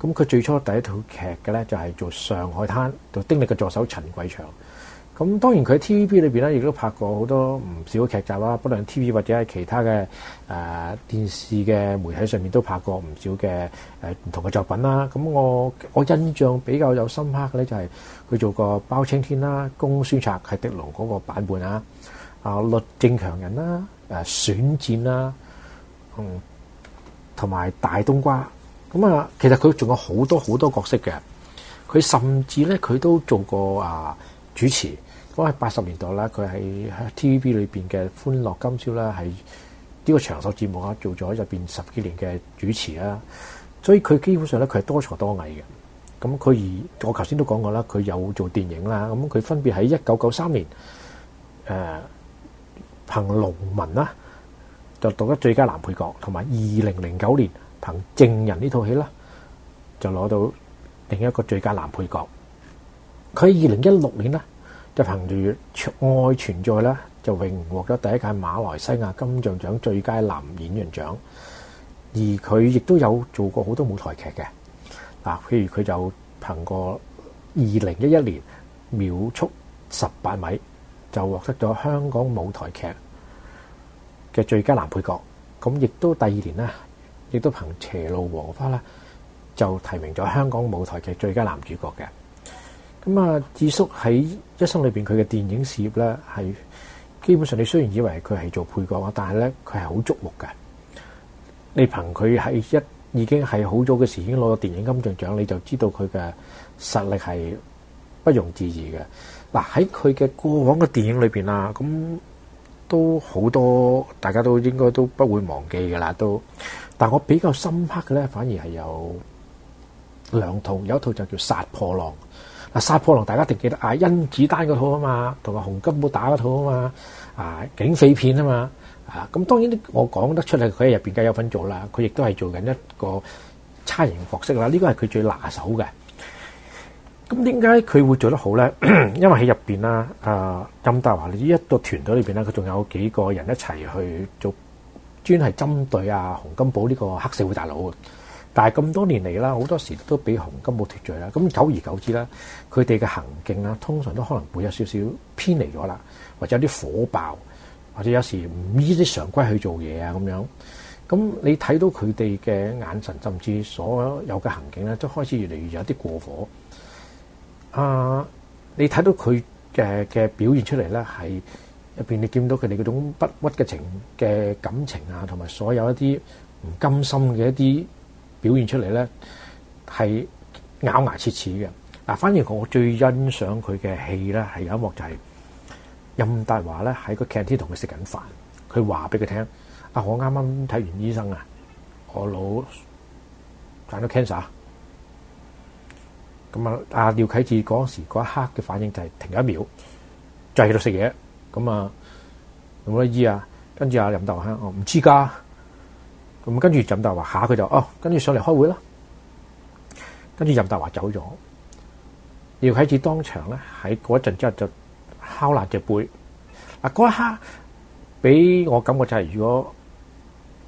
咁佢最初第一套劇嘅咧，就係做《上海灘》做丁力嘅助手陳桂祥。咁當然佢喺 TVB 裏邊咧，亦都拍過好多唔少劇集啦，不論 TV 或者係其他嘅誒、呃、電視嘅媒體上面都拍過唔少嘅誒唔同嘅作品啦。咁、啊、我我印象比較有深刻嘅咧，就係佢做過包青天啦、公孫策係狄龍嗰個版本啊、啊律政強人啦、誒、啊、選戰啦，嗯，同埋大冬瓜。咁啊，其實佢仲有好多好多角色嘅。佢甚至咧，佢都做過啊、呃、主持。喺八十年代啦，佢喺 TVB 裏邊嘅《歡樂今宵》啦，係呢個長壽節目啊，做咗入邊十幾年嘅主持啦，所以佢基本上咧，佢係多才多藝嘅。咁佢而我頭先都講過啦，佢有做電影啦。咁佢分別喺一九九三年誒、呃、憑《農民》啦，就攞得最佳男配角，同埋二零零九年憑《證人》呢套戲啦，就攞到另一個最佳男配角。佢喺二零一六年咧。就憑住愛存在啦，就榮獲咗第一屆馬來西亞金像獎最佳男演員獎。而佢亦都有做過好多舞台劇嘅嗱，譬如佢就憑過二零一一年《秒速十八米》，就獲得咗香港舞台劇嘅最佳男配角。咁亦都第二年咧，亦都憑《斜路黃花》啦，就提名咗香港舞台劇最佳男主角嘅。咁啊，智叔喺～一生裏邊佢嘅電影事業咧，係基本上你雖然以為佢係做配角啊，但係咧佢係好矚目嘅。你憑佢喺一已經係好早嘅時，已經攞咗電影金像獎，你就知道佢嘅實力係不容置疑嘅。嗱，喺佢嘅過往嘅電影裏邊啊，咁、嗯、都好多大家都應該都不會忘記嘅啦，都。但我比較深刻嘅咧，反而係有兩套，有一套就叫《殺破狼》。啊！殺破狼大家一定記得啊！甄子丹嗰套啊嘛，同個洪金寶打嗰套啊嘛，啊警匪片啊嘛，啊咁當然我講得出嚟，佢喺入邊梗有份做啦，佢亦都係做緊一個差人角色啦，呢個係佢最拿手嘅。咁點解佢會做得好咧？因為喺入邊啦，啊任達華呢一個團隊裏邊咧，佢仲有幾個人一齊去做，專係針對啊洪金寶呢個黑社會大佬。.但係咁多年嚟啦，好多時都俾洪金寶脫罪啦。咁久而久之啦，佢哋嘅行徑啦，通常都可能會有少少偏離咗啦，或者有啲火爆，或者有時唔依啲常規去做嘢啊，咁樣。咁你睇到佢哋嘅眼神，甚至所有嘅行徑咧，都開始越嚟越有啲過火。啊、呃，你睇到佢嘅嘅表現出嚟咧，係入邊你見到佢哋嗰種不屈嘅情嘅感情啊，同埋所有一啲唔甘心嘅一啲。表現出嚟咧係咬牙切齒嘅。嗱，反而我最欣賞佢嘅戲咧，係有一幕就係任達華咧喺個 canteen 同佢食緊飯，佢話俾佢聽，啊，我啱啱睇完醫生啊，我攞攤到 cancer。咁啊，阿、啊、廖啟智嗰時嗰一刻嘅反應就係停一秒，再喺度食嘢。咁啊，有冇得醫啊？跟住阿任達華香我唔知㗎。咁跟住任達華，下，佢就哦，跟住上嚟開會啦。跟住任達華走咗，廖啟智當場咧喺嗰陣之後就敲爛隻背。嗱，嗰一刻，俾我感覺就係、是、如果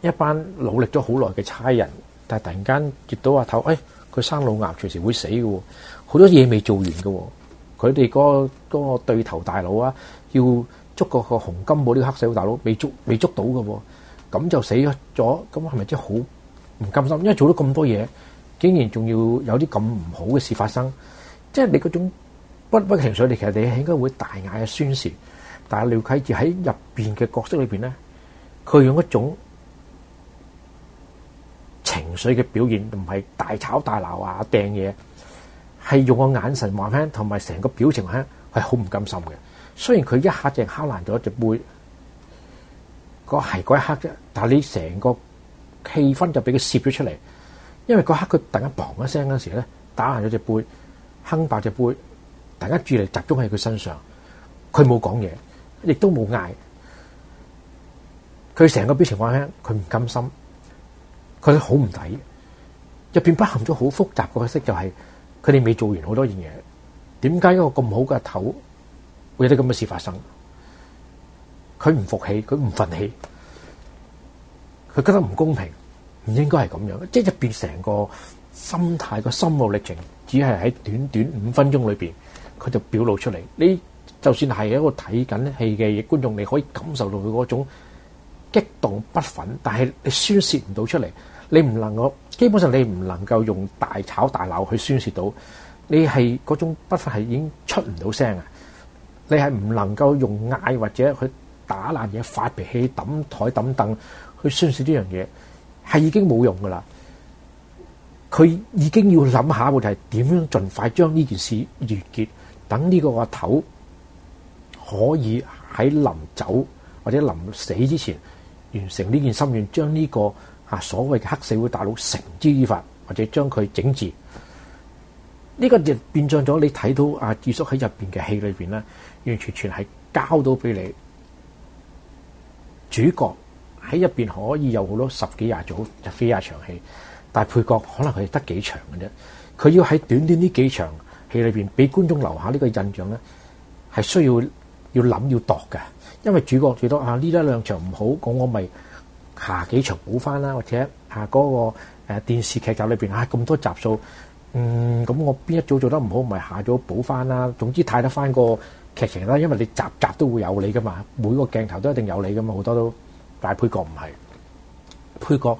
一班努力咗好耐嘅差人，但係突然間接到話頭，誒、哎、佢生老癌隨時會死嘅，好多嘢未做完嘅。佢哋嗰個嗰、那個對頭大佬啊，要捉個個紅金寶呢、這個黑社會大佬，未捉未捉到嘅喎。咁就死咗，咁係咪真係好唔甘心？因為做咗咁多嘢，竟然仲要有啲咁唔好嘅事發生，即係你嗰種不屈嘅情緒，你其實你應該會大嗌嘅宣洩。但係廖啟智喺入邊嘅角色裏邊咧，佢用一種情緒嘅表現，唔係大吵大鬧啊掟嘢，係用個眼神話翻，同埋成個表情係係好唔甘心嘅。雖然佢一下淨敲爛咗一隻杯。嗰係嗰一刻啫，但係你成個氣氛就俾佢攝咗出嚟，因為嗰刻佢突然間砰一聲嗰時咧，打爛咗隻杯，哼爆隻杯，突然間注意力集中喺佢身上，佢冇講嘢，亦都冇嗌，佢成個表情話聲，佢唔甘心，佢好唔抵，入邊包含咗好複雜嘅角色，就是，就係佢哋未做完好多嘢，點解一個咁好嘅頭會有啲咁嘅事發生？佢唔服氣，佢唔忿氣，佢覺得唔公平，唔應該係咁樣。即係一變成個心態個心路歷程，只係喺短短五分鐘裏邊，佢就表露出嚟。你就算係一個睇緊戲嘅觀眾，你可以感受到佢嗰種激動不忿，但係你宣洩唔到出嚟，你唔能夠，基本上你唔能夠用大吵大鬧去宣洩到，你係嗰種不忿係已經出唔到聲啊！你係唔能夠用嗌或者去。打爛嘢、發脾氣、抌台等等，去宣泄呢樣嘢，係已經冇用噶啦。佢已經要諗下問題，點樣盡快將呢件事完結，等呢個阿頭可以喺臨走或者臨死之前完成呢件心願，將呢個啊所謂嘅黑社會大佬繩之以法，或者將佢整治。呢、這個就變相咗，你睇到阿智叔喺入邊嘅戲裏邊咧，完全全係交到俾你。主角喺入邊可以有好多十幾廿組就飛啊場戲，但係配角可能佢得幾場嘅啫。佢要喺短短呢幾場戲裏邊俾觀眾留下呢個印象咧，係需要要諗要度嘅。因為主角最多啊呢一兩場唔好，咁我咪下幾場補翻啦。或者啊嗰、那個誒電視劇集裏邊啊咁多集數，嗯咁我邊一組做得唔好，咪下組補翻啦。總之睇得翻個劇情啦，因為你集集都會有你噶嘛，每個鏡頭都一定有你噶嘛，好多都，但係配角唔係，配角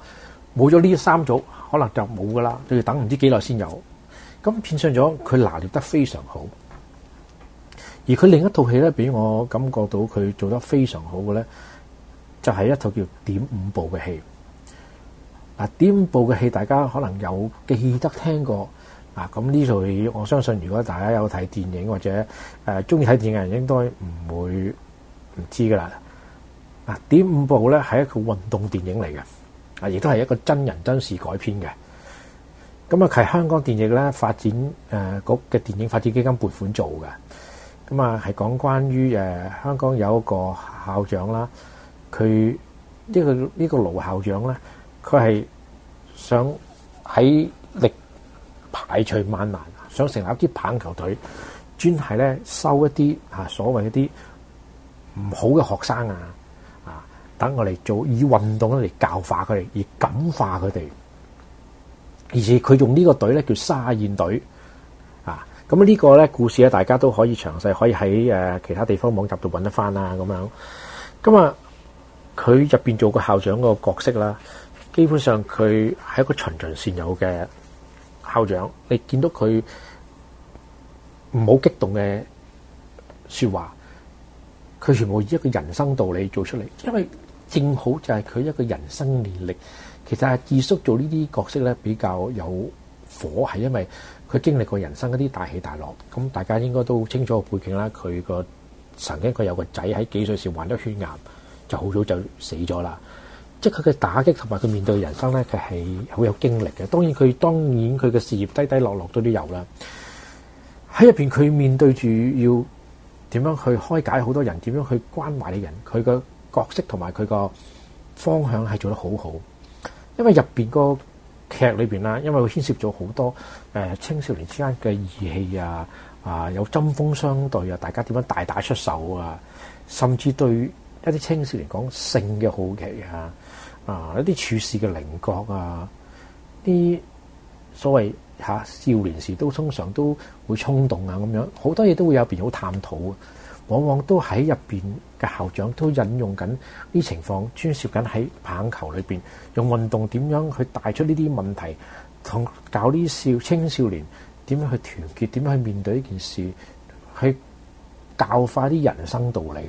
冇咗呢三組，可能就冇噶啦，要等唔知幾耐先有。咁變相咗佢拿捏得非常好，而佢另一套戲咧，俾我感覺到佢做得非常好嘅咧，就係一套叫《點五部》嘅戲。嗱，《點五部》嘅戲大家可能有記得聽過。啊，咁呢套戲我相信，如果大家有睇電影或者誒中意睇電影嘅人，應該唔會唔知噶啦。啊，點五步咧係一個運動電影嚟嘅，啊，亦都係一個真人真事改編嘅。咁啊，係香港電影咧發展誒局嘅電影發展基金撥款做嘅。咁啊，係、啊嗯、講關於誒、啊、香港有一個校長啦，佢、啊、呢、這個呢、這個盧校長咧，佢係想喺力。排除萬難，想成立一支棒球隊，專係咧收一啲吓所謂一啲唔好嘅學生啊！啊，等我哋做以運動嚟教化佢哋，而感化佢哋。而且佢用個隊呢個隊咧叫沙燕隊啊！咁呢個咧故事咧，大家都可以詳細可以喺誒其他地方網站度揾得翻啊！咁樣咁啊，佢入邊做個校長個角色啦，基本上佢係一個循循善誘嘅。校長，你見到佢唔好激動嘅說話，佢全部以一個人生道理做出嚟，因為正好就係佢一個人生年歷。其實阿二叔做呢啲角色咧比較有火，係因為佢經歷過人生嗰啲大起大落。咁大家應該都好清楚個背景啦。佢個曾經佢有個仔喺幾歲時患咗血癌，就好早就死咗啦。即係佢嘅打擊同埋佢面對人生咧，佢係好有經歷嘅。當然佢當然佢嘅事業低低落落都都有啦。喺入邊佢面對住要點樣去開解好多人，點樣去關懷你人，佢嘅角色同埋佢個方向係做得好好。因為入邊個劇裏邊啦，因為牽涉咗好多誒、呃、青少年之間嘅義氣啊，啊、呃、有針鋒相對啊，大家點樣大打出手啊，甚至對一啲青少年講性嘅好奇啊。啊！一啲處事嘅稜角啊，啲所謂嚇、啊、少年時都通常都會衝動啊，咁樣好多嘢都會有。邊好探討啊？往往都喺入邊嘅校長都引用緊啲情況，專涉緊喺棒球裏邊用運動點樣去帶出呢啲問題，同教啲少青少年點樣去團結，點樣去面對呢件事，去教化啲人生道理，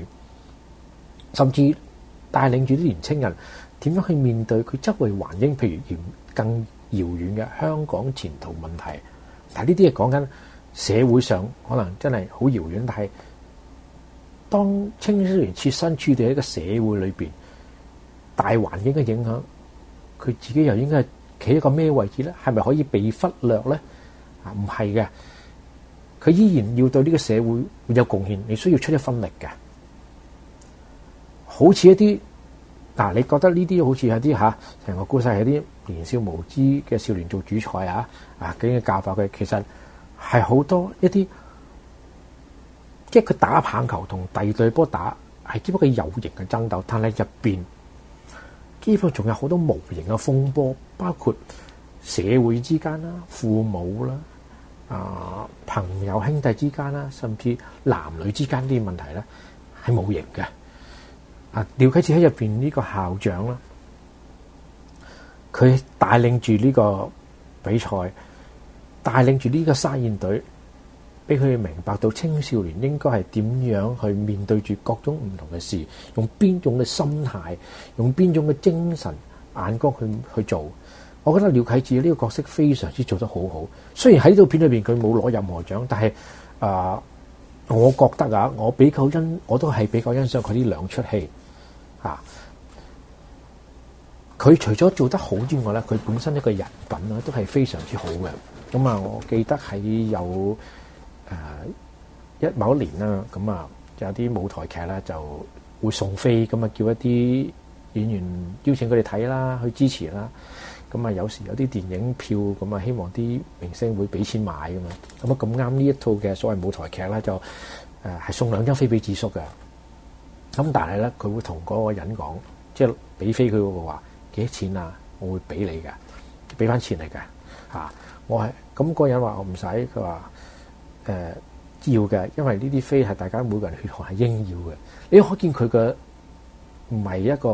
甚至帶領住啲年青人。點樣去面對佢周圍環境？譬如遙更遙遠嘅香港前途問題，但係呢啲嘢講緊社會上可能真係好遙遠。但係當青少年切身處在一個社會裏邊，大環境嘅影響，佢自己又應該係企一個咩位置咧？係咪可以被忽略咧？啊，唔係嘅，佢依然要對呢個社會有貢獻，你需要出一分力嘅。好似一啲。嗱、啊，你覺得呢啲好似有啲嚇，成、啊、個故事係啲年少無知嘅少年做主裁啊，啊，竟嘅教化佢，其實係好多一啲，即係佢打棒球同第二對波打，係只不過有形嘅爭鬥，但係入邊幾乎仲有好多無形嘅風波，包括社會之間啦、父母啦、啊朋友兄弟之間啦，甚至男女之間啲問題咧，係冇形嘅。啊！廖啟智喺入邊呢個校長啦，佢帶領住呢個比賽，帶領住呢個沙燕隊，俾佢明白到青少年應該係點樣去面對住各種唔同嘅事，用邊種嘅心態，用邊種嘅精神眼光去去做。我覺得廖啟智呢個角色非常之做得好好。雖然喺套片裏邊佢冇攞任何獎，但係啊、呃，我覺得啊，我比較欣，我都係比較欣賞佢呢兩出戲。啊！佢除咗做得好之外咧，佢本身一個人品咧都係非常之好嘅。咁啊，我記得喺有誒一某一年啦，咁啊有啲舞台劇咧就會送飛，咁啊叫一啲演員邀請佢哋睇啦，去支持啦。咁啊，有時有啲電影票咁啊，希望啲明星會俾錢買咁嘛。咁啊咁啱呢一套嘅所謂舞台劇咧，就誒係、呃、送兩張飛俾智叔嘅。咁但係咧，佢會同嗰個人講，即係俾飛佢嗰個話幾錢啊？我會俾你嘅，俾翻錢嚟嘅吓。我係咁，嗰個人話我唔使，佢話誒要嘅，因為呢啲飛係大家每個人血汗係應要嘅。你可見佢嘅唔係一個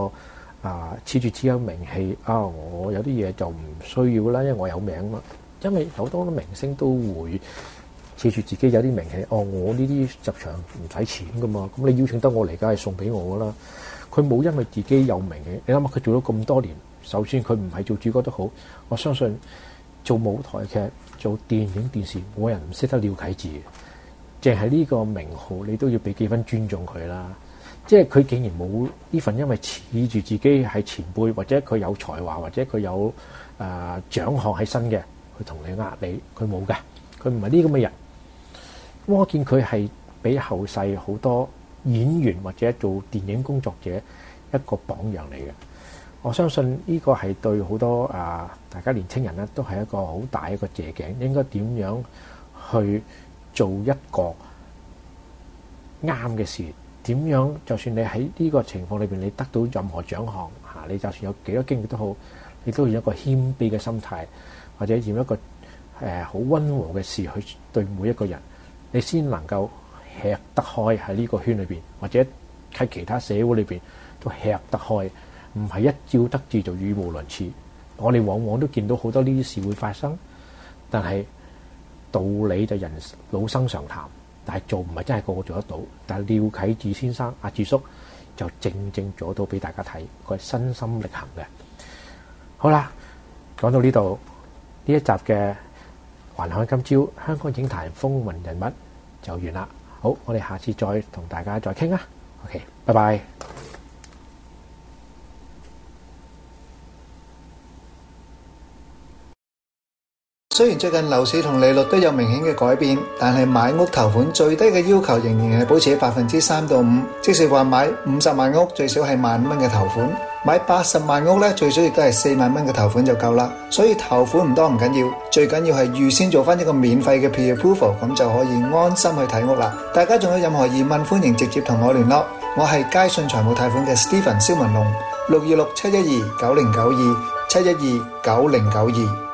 啊，恃住自有名氣啊，我有啲嘢就唔需要啦，因為我有名嘛。因為好多明星都會。記住自己有啲名氣哦，我呢啲入場唔使錢噶嘛，咁、嗯、你邀請得我嚟，梗係送俾我啦。佢冇因為自己有名氣，你諗下佢做咗咁多年，首先佢唔係做主角都好，我相信做舞台劇做電影、電視，冇人唔識得廖啟智，淨係呢個名號，你都要俾幾分尊重佢啦。即係佢竟然冇呢份，因為恃住自己係前輩或者佢有才華或者佢有誒獎、呃、項喺身嘅，佢同你呃你，佢冇嘅，佢唔係呢咁嘅人。我見佢係俾後世好多演員或者做電影工作者一個榜樣嚟嘅。我相信呢個係對好多啊、呃，大家年輕人咧都係一個好大一個借鏡。應該點樣去做一個啱嘅事？點樣就算你喺呢個情況裏邊，你得到任何獎項嚇、啊，你就算有幾多經驗都好，你都要一個謙卑嘅心態，或者要一個誒好、呃、溫和嘅事去對每一個人。你先能夠吃得開喺呢個圈裏邊，或者喺其他社會裏邊都吃得開，唔係一照得住就語無倫次。我哋往往都見到好多呢啲事會發生，但係道理就人老生常談，但係做唔係真係個個做得到。但係廖啟智先生阿智叔就正正做到俾大家睇，佢係身心力行嘅。好啦，講到呢度呢一集嘅。還看今朝香港影壇風雲人物就完啦！好，我哋下次再同大家再傾啦！OK，拜拜。雖然最近樓市同利率都有明顯嘅改變，但係買屋頭款最低嘅要求仍然係保持喺百分之三到五。即使話買五十萬屋，最少係萬五蚊嘅頭款。買八十萬屋咧，最少亦都係四萬蚊嘅頭款就夠啦，所以頭款唔多唔緊要，最緊要係預先做翻一個免費嘅 pre a p o v a 咁就可以安心去睇屋啦。大家仲有任何疑問，歡迎直接同我聯絡。我係佳信財務貸款嘅 Stephen 肖文龍，六二六七一二九零九二七一二九零九二。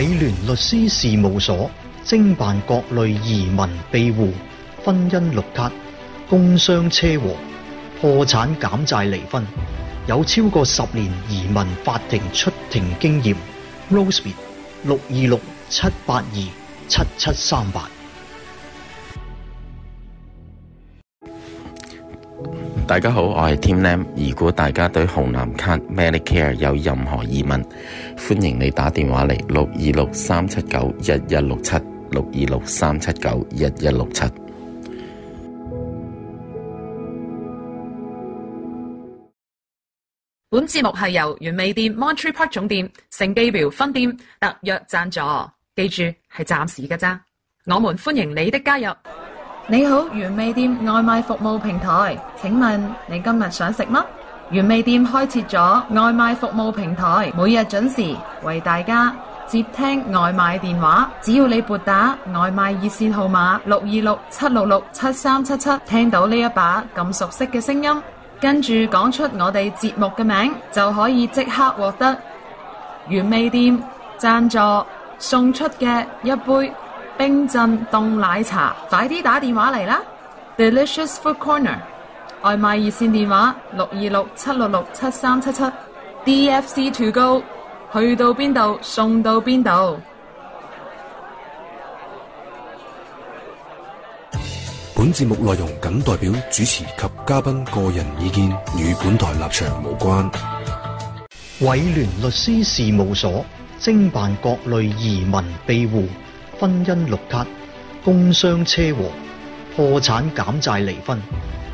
偉聯律師事務所，精辦各類移民庇護、婚姻綠卡。工傷車禍、破產減債、離婚，有超過十年移民法庭出庭經驗。Roseb，六二六七八二七七三八。大家好，我係 Tim Nam。如果大家對紅藍卡 Medicare 有任何疑問，歡迎你打電話嚟六二六三七九一一六七，六二六三七九一一六七。本節目係由原味店 Monterey Park 總店、聖蓋博分店特約贊助，記住係暫時嘅咋。我們歡迎你的加入。你好，原味店外賣服務平台，請問你今日想食乜？原味店開設咗外賣服務平台，每日準時為大家接聽外賣電話。只要你撥打外賣熱線號碼六二六七六六七三七七，7 7, 聽到呢一把咁熟悉嘅聲音。跟住講出我哋節目嘅名，就可以即刻獲得原味店贊助送出嘅一杯冰鎮凍奶茶。快啲打電話嚟啦！Delicious Food Corner 外賣熱線電話六二六七六六七三七七。7 7, DFC to go 去到邊度送到邊度？本節目內容僅代表主持及嘉賓個人意見，與本台立場無關。偉聯律師事務所精辦各類移民庇護、婚姻綠卡、工傷車禍、破產減債、離婚，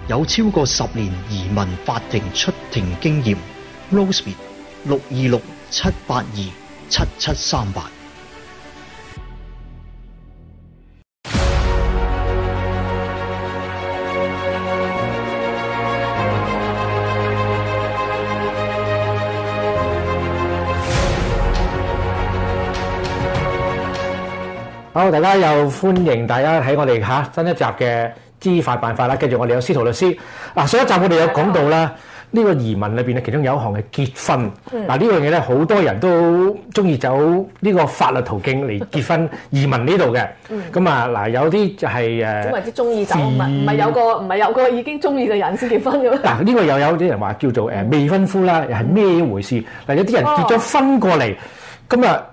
有超過十年移民法庭出庭經驗。Rosebud 六二六七八二七七三八。好，大家又歡迎大家喺我哋吓新一集嘅《知法辦法》啦。繼續我哋有司徒律師。嗱，上一集我哋有講到啦，呢個移民裏邊咧，其中有一項係結婚、嗯。嗱呢樣嘢咧，好多人都中意走呢個法律途徑嚟結婚移民呢度嘅。咁啊嗱，有啲就係誒，為之中意走，唔係有個唔係有個已經、嗯、中意嘅人先結婚嘅咩、嗯？嗱、嗯、呢個又有啲人話叫做誒未婚夫啦，又係咩回事？嗱有啲人結咗婚過嚟，咁啊、哦、～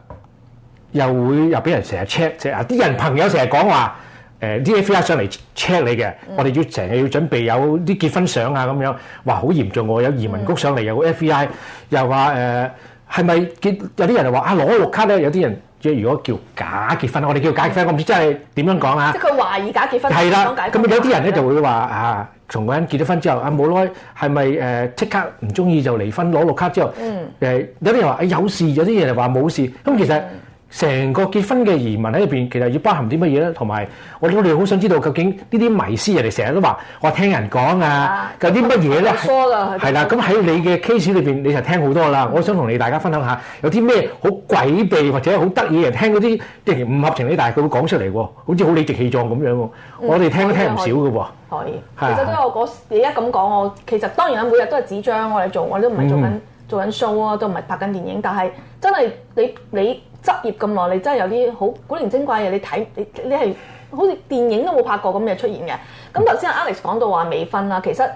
又會又俾人成日 check，即係啲人朋友成日講，話誒啲 FBI 上嚟 check 你嘅，我哋要成日要準備有啲結婚相啊咁樣，哇好嚴重喎！有移民局上嚟有個 FBI，又話誒係咪結，有啲人就話啊攞綠卡咧，有啲人即係如果叫假結婚，我哋叫假結婚，我唔知真係點樣講啊！即係佢懷疑假結婚係啦，咁有啲人咧就會話啊，同嗰人結咗婚之後啊冇耐係咪誒即刻唔中意就離婚攞綠卡之後誒有啲人話有事，有啲人就話冇事，咁其實。成個結婚嘅移民喺入邊，其實要包含啲乜嘢咧？同埋我哋好想知道究竟呢啲迷思人哋成日都話，我聽人講啊，有啲乜嘢咧？係啦，咁喺你嘅 case 裏邊，你就聽好多啦。我想同你大家分享下，有啲咩好詭秘或者好得意，人聽嗰啲即係唔合情理，但係佢會講出嚟喎，好似好理直氣壯咁樣喎。我哋聽都聽唔少嘅喎。可以。其實都我嗰你一咁講，我其實當然啦，每日都係紙張我哋做，我都唔係做緊做緊 show 啊，都唔係拍緊電影，但係真係你你。執業咁耐，你真係有啲好古靈精怪嘅，你睇你你係好似電影都冇拍過咁嘅出現嘅。咁頭先 Alex 講到話未婚啦，其實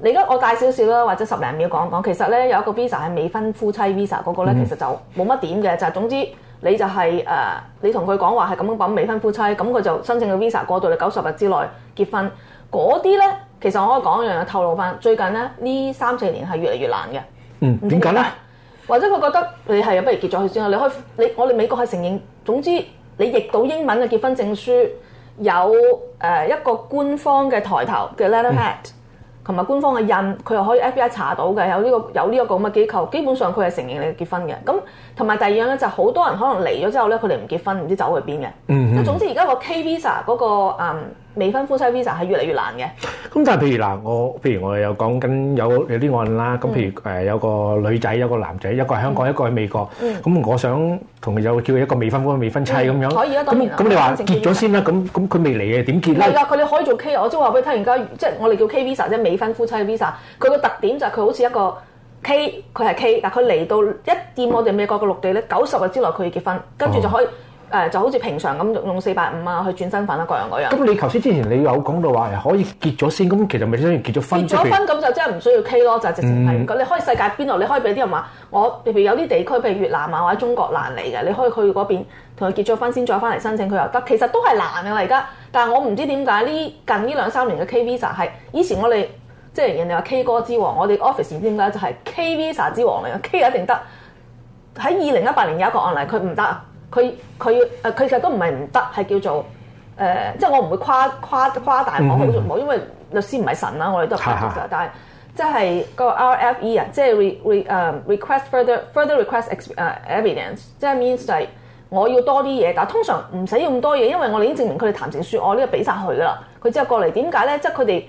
你而家我大少少啦，或者十零秒講講，其實咧有一個 visa 係未婚夫妻 visa 嗰個咧，嗯、其實就冇乜點嘅，就係、總之你就係、係、誒、呃，你同佢講話係咁樣講未婚夫妻，咁佢就申請個 visa 過到你九十日之內結婚嗰啲咧，其實我可以講一樣透露翻，最近咧呢三四年係越嚟越難嘅。嗯，點解咧？或者佢覺得你係不如結咗佢先啦，你可以你我哋美國係承認。總之你譯到英文嘅結婚證書有誒、呃、一個官方嘅抬頭嘅 letterhead，同埋官方嘅印，佢又可以 FBI 查到嘅，有呢、這個有呢一個咁嘅機構，基本上佢係承認你結婚嘅。咁同埋第二樣咧，就好多人可能嚟咗之後咧，佢哋唔結婚，唔知走去邊嘅、嗯嗯那個。嗯，即係總之而家個 K visa 嗰個嗯。未婚夫妻 visa 係越嚟越難嘅。咁但係譬如嗱，我譬如我有講緊有有啲案啦。咁譬如誒有個女仔，有個男仔，一個係香港，一個係美國。咁我想同佢有叫一個未婚夫、未婚妻咁樣。可以啊，當然啦。咁咁你話結咗先啦。咁咁佢未嚟嘅點結啦？係啦，佢哋可以做 K，我即話俾你聽完啦。即係我哋叫 K visa，即係未婚夫妻 visa。佢個特點就係佢好似一個 K，佢係 K，但係佢嚟到一掂我哋美國嘅陸地咧，九十日之內佢要結婚，跟住就可以。.誒就好似平常咁用四百五啊去轉身份啦，各樣嗰樣。咁你頭先之前你有講到話可以結咗先，咁其實咪即係結咗婚？結咗婚咁就真係唔需要 K 咯，嗯、就直情係。你可以世界邊度？你可以俾啲人話，我譬如有啲地區譬如越南啊或者中國難嚟嘅，你可以去嗰邊同佢結咗婚先再翻嚟申請佢又得。其實都係難嘅啦而家，但係我唔知點解呢近呢兩三年嘅 K Visa，係以前我哋即係人哋話 K 歌之王，我哋 office 點解就係 K Visa 之王嚟，K 一定得。喺二零一八年有一個案例，佢唔得。佢佢要，佢、呃、其實都唔係唔得，係叫做誒、呃，即係我唔會誇誇誇，誇大，我好少冇，hmm. 因為律師唔係神啦，我哋都係法律師，hmm. 但係即係個 RFE 啊，即係、e, re r request re re further further request 誒 evidence，即係 means 就係我要多啲嘢，但係通常唔使咁多嘢，因為我哋已經證明佢哋談情説愛，呢、哦這個俾晒佢噶啦，佢之後過嚟點解咧？即係佢哋。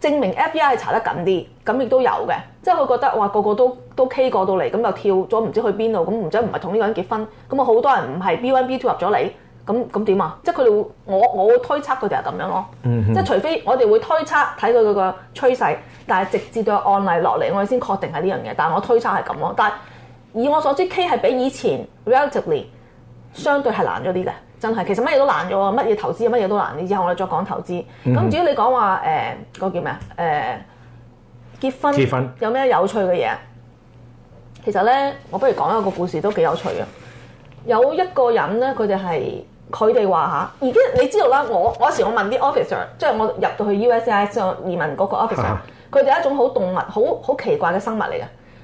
證明 FBI 係查得緊啲，咁亦都有嘅。即係佢覺得哇，個個都都 K 過到嚟，咁又跳咗唔知去邊度，咁唔準唔係同呢個人結婚，咁啊好多人唔係 B one B two 入咗嚟，咁咁點啊？即係佢哋會，我我推測佢哋係咁樣咯。嗯、哼即係除非我哋會推測睇佢個趨勢，但係直接對案例落嚟，我哋先確定係呢樣嘢。但係我推測係咁咯。但係以我所知，K 係比以前 relatively 相對係難咗啲嘅。真係，其實乜嘢都難咗，乜嘢投資，乜嘢都難。你之後我哋再講投資。咁、mm hmm. 至於你講話誒，嗰、欸那個叫咩啊？誒、欸，結婚，結婚有咩有趣嘅嘢？其實咧，我不如講一個故事都幾有趣嘅。有一個人咧，佢哋係佢哋話嚇，而家、啊、你知道啦。我嗰時我問啲 officer，即係我入到去 USCIS 上移民嗰個 officer，佢哋、啊、係一種好動物，好好奇怪嘅生物嚟嘅。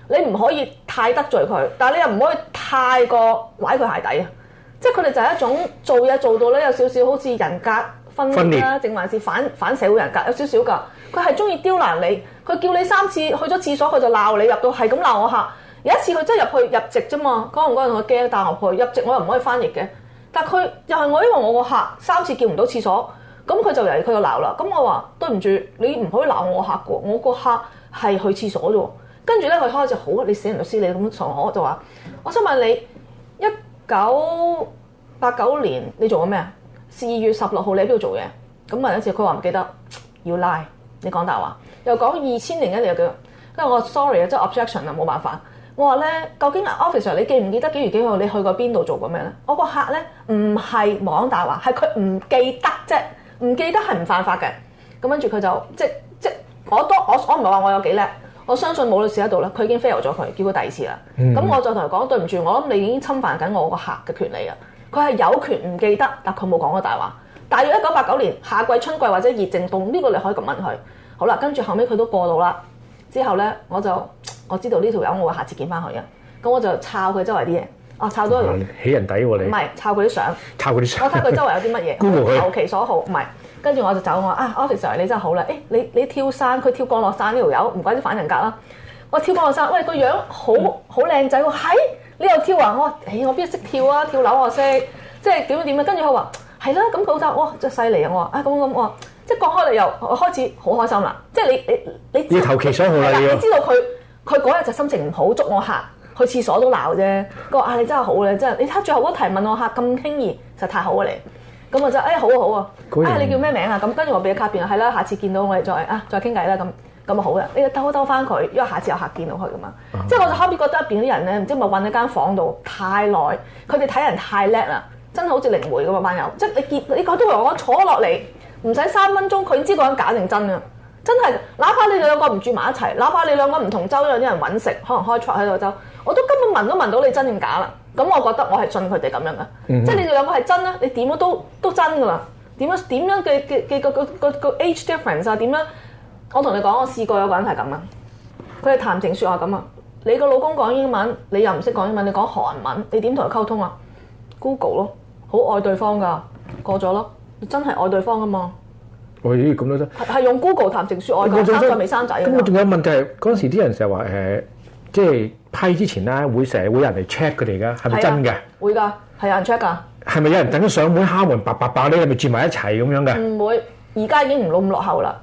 你唔可以太得罪佢，但係你又唔可以太過踩佢鞋底啊。即係佢哋就係一種做嘢做到咧，有少少好似人格分裂啦，定還是反反社會人格有少少㗎。佢係中意刁難你，佢叫你三次去咗廁所，佢就鬧你，入到係咁鬧我客。有一次佢真係入去入籍啫嘛，嗰陣嗰陣我驚，但係去入籍我又唔可以翻譯嘅。但係佢又係我因為我個客三次叫唔到廁所，咁佢就又佢就鬧啦。咁我話對唔住，你唔可以鬧我客嘅，我個客係去廁所嘅。跟住咧佢開始好你死人律師你咁樣嘈，我就話我想問你一九八九年你做咗咩啊？二月十六號你喺邊度做嘢？咁問一次，佢話唔記得，要拉。你講大話，又講二千零一年又叫，跟住我 sorry 啊，即係 objection 啊，冇辦法。我話咧，究竟 officer 你記唔記得幾月幾號你去過邊度做過咩咧？我個客咧唔係講大話，係佢唔記得啫，唔記得係唔犯法嘅。咁跟住佢就即即我都我我唔係話我有幾叻。我相信冇女士喺度啦，佢已經 fail 咗佢，叫佢第二次啦。咁、嗯、我再同佢講，對唔住，我諗你已經侵犯緊我個客嘅權利啊！佢係有權唔記得，但佢冇講過大話。大約一九八九年夏季、春季或者熱靜凍呢、呢個，你可以咁問佢。好啦，跟住後尾佢都過到啦。之後咧，我就我知道呢條友，我會下次見翻佢嘅。咁我就抄佢周圍啲嘢，我抄咗起人底喎、啊、你。唔係，抄佢啲相。抄佢啲相。我睇佢周圍有啲乜嘢。投其所好，唔係。跟住我就走，我話啊、oh,，officer 你真係好啦，誒、欸、你你跳傘，佢跳降落傘呢條友，唔、這個、怪之反人格啦。我跳降落傘，喂個樣好好靚仔喎，係、啊、你又跳啊？我誒、hey, 我邊度識跳啊？跳樓啊我識，即係點樣點樣？跟住佢話係啦，咁佢好曬，哇、哦 oh, 真係犀利啊！我話啊咁咁，我、哎、話、哦、即係講開嚟又開始好開心啦，即係你你你要投其所好啦，你知道佢佢嗰日就心情唔好，捉我客去廁所都鬧啫。我話啊你真係好咧，真係你睇最後嗰題問我客咁輕易，實太好啊你。咁我就，誒、嗯、好啊好啊，啊人、哎、你叫咩名啊？咁跟住我俾你卡片啊，係啦，下次見到我哋再啊再傾偈啦，咁咁啊好嘅，你要兜兜翻佢，因為下次有客見到佢噶嘛。嗯、即係我就偏偏覺得入邊啲人咧，唔知咪韆喺間房度太耐，佢哋睇人太叻啦，真係好似靈媒咁啊班友，即係你見你覺得，得我坐落嚟唔使三分鐘，佢知個人是假定真啊，真係。哪怕你哋兩個唔住埋一齊，哪怕你兩個唔同州都有啲人揾食，可能開桌喺度州，我都根本聞都聞到你真定假啦。咁、嗯、我覺得我係信佢哋咁樣嘅，即係你哋兩個係真啦，你點樣都都真噶啦，點樣點樣嘅嘅嘅個個個 age difference 啊，點樣？我同你講，我試過有個人係咁嘅，佢係談情説話咁啊。你個老公講英文，你又唔識講英文，你講韓文，你點同佢溝通啊？Google 咯，好愛對方噶，過咗咯，真係愛對方噶嘛？咦、欸，咁都得？係係用 Google 談情説愛咁啊，三世未生仔。咁我仲有問題係嗰陣時啲人成日話誒。即係批之前咧，會成日會有人嚟 check 佢哋㗎，係咪真嘅？會㗎，係有人 check 㗎。係咪有人等緊上門敲門，白白白，白？你係咪住埋一齊咁樣嘅？唔會，而家已經唔老咁落後啦。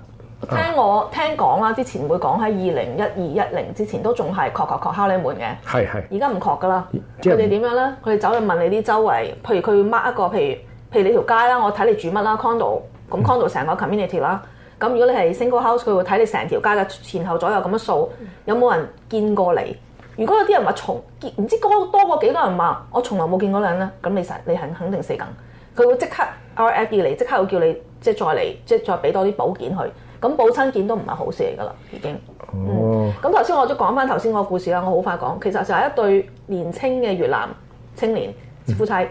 聽我、啊、聽講啦，之前會講喺二零一二一零之前都仲係確確確敲你門嘅。係係。而家唔確㗎啦，佢哋點樣咧？佢哋走去問你啲周圍，譬如佢 mark 一個，譬如譬如你條街啦，我睇你住乜啦 condo，咁 condo 成個 community 啦、嗯。嗯咁如果你係 single house，佢會睇你成條街嘅前後左右咁樣掃，有冇人見過你？如果有啲人話從唔知多多過幾多人話我從來冇見過嗰個人咧，咁你實你肯肯定死梗，佢會即刻 R F 嚟，即刻會叫你即係再嚟，即係再俾多啲保件去。咁保親件都唔係好事嚟噶啦，已經。哦。咁頭先我都講翻頭先嗰個故事啦，我好快講。其實就係一對年青嘅越南青年夫妻，咁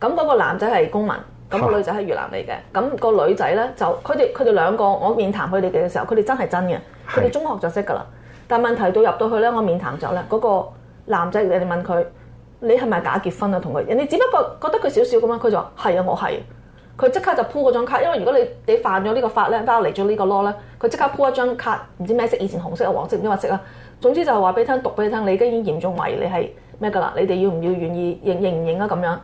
嗰、嗯、個男仔係公民。咁個女仔係越南嚟嘅，咁個女仔咧就佢哋佢哋兩個，我面談佢哋嘅時候，佢哋真係真嘅，佢哋中學就識噶啦。但問題到入到去咧，我面談就咧嗰個男仔，你哋問佢：你係咪假結婚啊？同佢人哋只不過覺得佢少少咁樣，佢就話：係啊，我係、啊。佢即刻就鋪嗰張卡，因為如果你你犯咗呢個法咧，包括嚟咗呢個 law 咧，佢即刻鋪一張卡，唔知咩色，以前紅色啊、黃色唔知乜色啊，總之就係話俾你聽，讀俾你聽，你已經嚴重違，你係咩噶啦？你哋要唔要願意認認唔認啊？咁樣。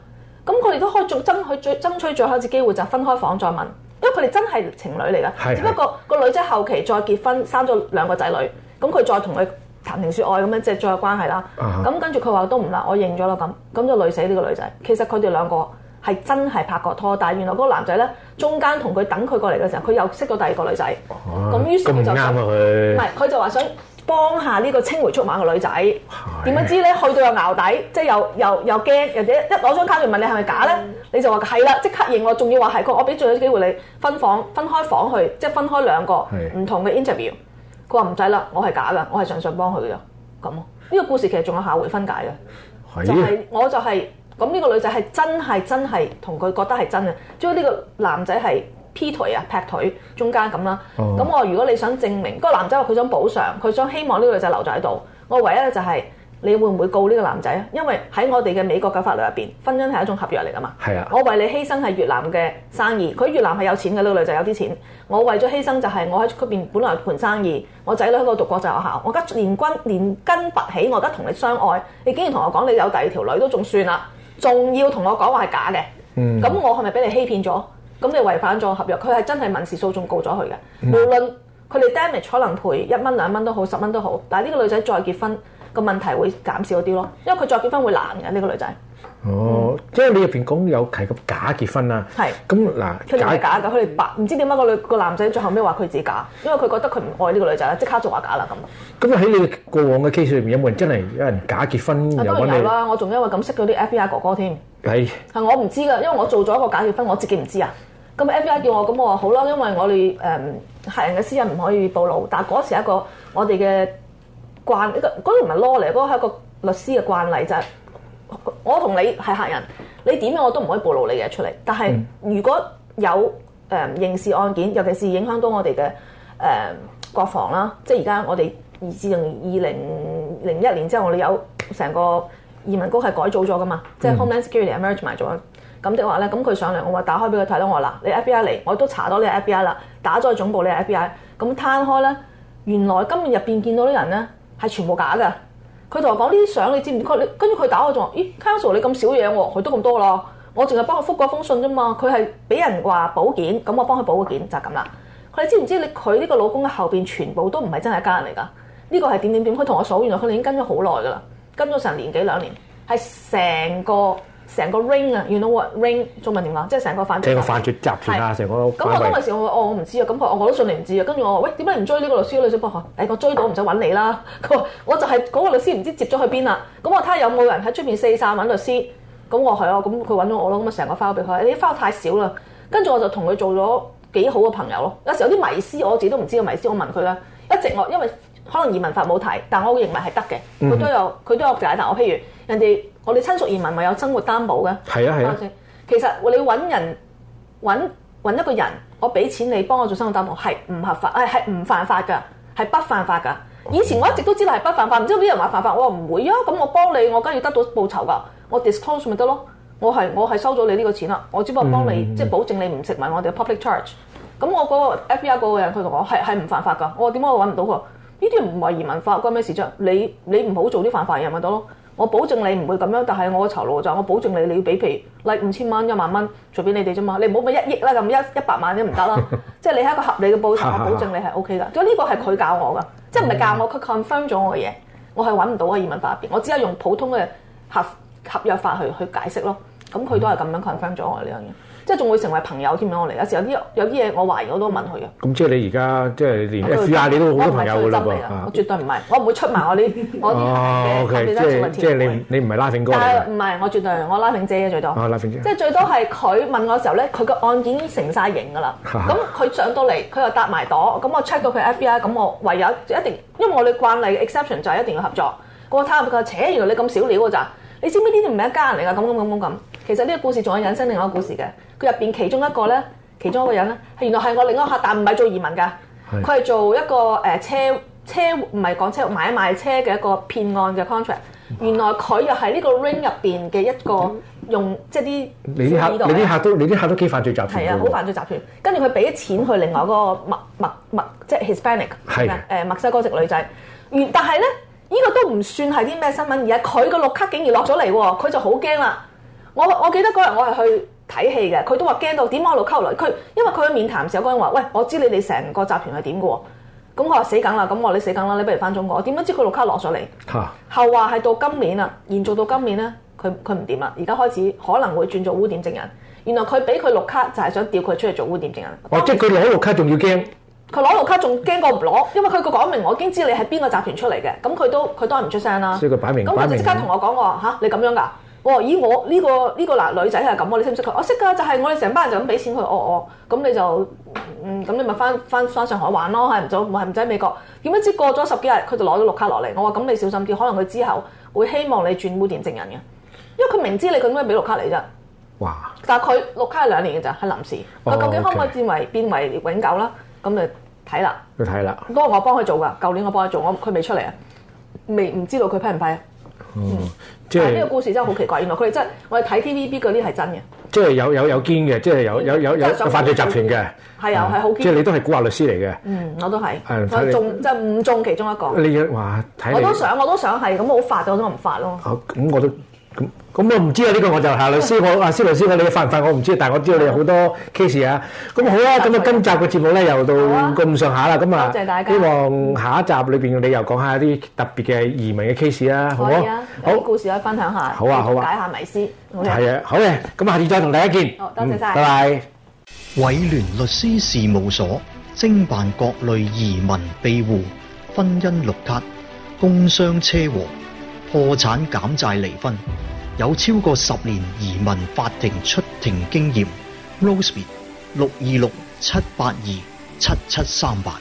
咁佢哋都可以再爭去再爭取最後一次機會，就分開房再問，因為佢哋真係情侶嚟㗎。是的 只不過個女仔後期再結婚生咗兩個仔女，咁佢再同佢談情説愛咁樣，即係再有關係啦。咁、uh huh. 跟住佢話都唔啦，我認咗啦。咁咁就累死呢個女仔。其實佢哋兩個係真係拍過拖，但係原來嗰個男仔咧，中間同佢等佢過嚟嘅時候，佢又識咗第二個女仔。哦、uh。咁、huh. 於是佢就啱佢唔係佢就話想。幫下呢個青梅竹馬嘅女仔，點樣知咧？去到又淆底，即係又又又驚，或者一攞張卡就問你係咪假咧？嗯、你就話係啦，即刻認我，仲要話係佢，我俾最好機會你分房、分開房去，即係分開兩個唔同嘅 interview 的。佢話唔使啦，我係假噶，我係純上，上幫佢嘅。噶。咁、這、呢個故事其實仲有下回分解嘅，的就係我就係咁呢個女仔係真係真係同佢覺得係真嘅，因為呢個男仔係。劈腿啊，劈腿，中間咁啦。咁、哦、我如果你想證明，嗰個男仔話佢想補償，佢想希望呢個女仔留咗喺度。我唯一就係、係，你會唔會告呢個男仔啊？因為喺我哋嘅美國嘅法律入邊，婚姻係一種合約嚟㗎嘛。係啊。我為你犧牲係越南嘅生意，佢越南係有錢嘅，呢、呢個女仔有啲錢。我為咗犧牲就係我喺嗰邊本來盤生意，我仔女喺度讀國際學校，我而家連根連根拔起，我而家同你相愛，你竟然同我講你有第二條女都仲算啦，仲要同我講話係假嘅。嗯。咁我係咪俾你欺騙咗？咁你違反咗合約，佢係真係民事訴訟告咗佢嘅。無論佢哋 damage 可能賠一蚊兩蚊都好，十蚊都好，但係呢個女仔再結婚個問題會減少啲咯，因為佢再結婚會難嘅呢個女仔。哦，嗯、即係你入邊講有提及假結婚啊？係是。咁嗱，佢就係假㗎，佢哋白唔知點解個女個男仔最後尾話佢自己假，因為佢覺得佢唔愛呢個女仔，即刻就話假啦咁。咁喺你過往嘅 case 入面，有冇人真係有人假結婚啊？啊當然有啦，有你我仲因為咁識咗啲 F B I 哥哥添。係是。係我唔知㗎，因為我做咗一個假結婚，我自己唔知啊。咁 FBI 叫我咁我話好啦，因為我哋誒、嗯、客人嘅私隱唔可以暴露，但係嗰時一個我哋嘅慣，嗰啲唔係 law 嚟，嗰個係一個律師嘅慣例就啫、係。我同你係客人，你點樣我都唔可以暴露你嘅出嚟。但係如果有誒刑事案件，尤其是影響到我哋嘅誒國防啦，即係而家我哋二至零二零零一年之後，我哋有成個移民局係改造咗噶嘛，即係 Homeland Security merge 埋咗。嗯嗯咁的話咧，咁佢上嚟，我話打開俾佢睇到我話你 F B I 嚟，我都查到你 F B I 啦，打咗去總部你 F B I，咁攤開咧，原來今日入邊見到啲人咧係全部假嘅。佢同我講呢啲相你知唔？佢跟住佢打我仲話，咦，Counsel 你咁少嘢喎，佢都咁多啦，我淨係幫佢覆過封信啫嘛。佢係俾人話保件，咁我幫佢保個件就咁、是、啦。佢哋知唔知你佢呢個老公嘅後邊全部都唔係真係一家人嚟㗎？呢、這個係點點點？佢同我數，原來佢哋已經跟咗好耐㗎啦，跟咗成年幾兩年，係成個。成個 ring 啊，you know what ring？中文點講？即係成個犯，成個犯罪集團啊，成個。咁我嗰陣時我我唔知啊，咁我我都信你唔知啊。跟住我話喂，點解你唔追呢個律師？呢個律師話誒、哎，我追到唔使揾你啦。我我就係、是、嗰、那個律師唔知接咗去邊啦。咁我睇下有冇人喺出面四散揾律師。咁我係啊，咁佢揾咗我咯。咁啊、嗯，成個 file 都俾佢。你 file 都太少啦。跟住我就同佢做咗幾好嘅朋友咯。有時有啲迷思我自己都唔知嘅迷思，我問佢啦。一直我因為可能移民法冇提，但我認為係得嘅。佢都有佢都有解答我。我譬如人哋。我哋親屬移民咪有生活擔保嘅？係啊係啊。其實你揾人揾揾一個人，我俾錢你幫我做生活擔保，係唔合法，係係唔犯法嘅，係不犯法嘅。以前我一直都知道係不犯法，唔知點解啲人話犯法。我話唔會啊，咁我幫你，我梗係要得到報酬噶。我 discount 咪得咯。我係我係收咗你呢個錢啦。我只不過幫你，嗯、即係保證你唔食埋我哋嘅 public charge。咁我嗰個 FBI 嗰個人佢同我係係唔犯法噶。我點解我揾唔到佢？呢啲唔係移民法關咩事啫？你你唔好做啲犯法嘢咪得咯。我保證你唔會咁樣，但係我個酬勞就係我保證你，你要俾譬如例如五千蚊、一萬蚊，隨便你哋啫嘛。你唔好俾一億啦，咁一一百萬都唔得啦。即係你喺個合理嘅報酬下，我保證你係 O K 噶。咁呢個係佢教我噶，即係唔係教我？佢 confirm 咗我嘅嘢，我係揾唔到啊移民法入邊，我只係用普通嘅合合約法去去解釋咯。咁佢都係咁樣 confirm 咗我呢樣嘢。即係仲會成為朋友添咯，我嚟有時有啲有啲嘢，我懷疑我都問佢嘅。咁即係你而家即係連 FBI 你都好多朋友㗎啦噃。我絕對唔係，我唔會出賣我啲，我啲即係你你唔係拉 i 哥但係唔係，我絕對我拉 i v i 嘅最多。即係最多係佢問我嘅時候咧，佢個案件已經成晒型㗎啦。咁佢上到嚟，佢又搭埋朵。咁我 check 到佢 FBI，咁我唯有一定，因為我哋慣例 exception 就係一定要合作。個 partner 佢話：扯，原來你咁少料㗎咋？你知唔知呢啲唔係一家人嚟㗎？咁咁咁咁咁。其實呢個故事仲有引申另外一個故事嘅。佢入邊其中一個咧，其中一個人咧，係原來係我另一個客，但唔係做移民㗎。佢係是的 做一個誒、呃、車車唔係講車買賣車嘅一個騙案嘅 contract。原來佢又係呢個 ring 入邊嘅一個用即係啲你啲客你啲客都你啲客都幾犯罪集團係啊，好犯罪集團。跟住佢俾咗錢去另外嗰個墨墨即係 Hispanic，誒的墨西哥籍女仔。然但係咧。呢個都唔算係啲咩新聞，而係佢個綠卡竟然落咗嚟喎，佢就好驚啦。我我記得嗰日我係去睇戲嘅，佢都話驚到點解我綠卡落咗嚟？佢因為佢喺面談時候嗰人話，喂，我知你哋成個集團係點嘅喎。咁、嗯、我話死梗啦，咁我你死梗啦，你不如翻中國。點解知佢綠卡落咗嚟？嚇！後話係到今年啦，延續到今年咧，佢佢唔掂啦，而家開始可能會轉做污點證人。原來佢俾佢綠卡就係想調佢出嚟做污點證人。即係佢攞綠卡仲要驚？佢攞綠卡仲驚過唔攞，因為佢佢講明我已經知你係邊個集團出嚟嘅，咁佢都佢都係唔出聲啦。佢擺明咁佢就即刻同我講話嚇，你咁樣噶，我話咦我呢個呢個嗱女仔係咁啊，你識唔識佢？我識噶，就係我哋成班人就咁俾錢佢，哦哦，咁你就嗯咁你咪翻翻上海玩咯，係唔係唔係唔使美國。點不知過咗十幾日，佢就攞咗綠卡落嚟。我話咁你小心啲，可能佢之後會希望你轉污點證人嘅，因為佢明知你佢點樣俾綠卡你啫。哇！但係佢綠卡係兩年嘅咋？係臨時。佢究竟可唔可以變為變為永久啦？咁你。睇啦，去睇啦。都我幫佢做噶，舊年我幫佢做，我佢未出嚟啊，未唔知道佢批唔批啊。嗯，即係呢個故事真係好奇怪，原來佢哋真係，我哋睇 T V B 嗰啲係真嘅。即係有有有堅嘅，即係有有有有犯罪集團嘅。係啊，係好即係你都係古惑律師嚟嘅。嗯，我都係。係你。我中就唔、是、中其中一個。你一話睇。我都想，我都想係咁好發，我都唔發咯。咁、哦嗯、我都。咁咁我唔知啊，呢個我就夏律師，我阿肖律師，我你犯唔犯我唔知，但係我知道你有好多 case 啊。咁好啦，咁啊，今集嘅節目咧又到咁上下啦。咁啊，多謝大家。希望下一集裏邊你又講下啲特別嘅移民嘅 case 啦，好啊。可以啊，有啲故事可以分享下。好啊，好啊。解下迷思，好嘅。係啊，好嘅。咁下次再同大家見。好，多謝晒。拜拜。偉聯律師事務所，經辦各類移民庇護、婚姻綠卡、工傷車禍。破產減債離婚，有超過十年移民法庭出庭經驗，Rosie 六二六七八二七七三八。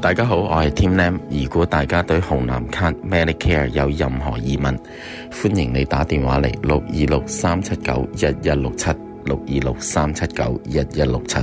大家好，我係 Tim Lam。如果大家對紅藍卡 Medicare 有任何疑問，歡迎你打電話嚟六二六三七九一一六七，六二六三七九一一六七。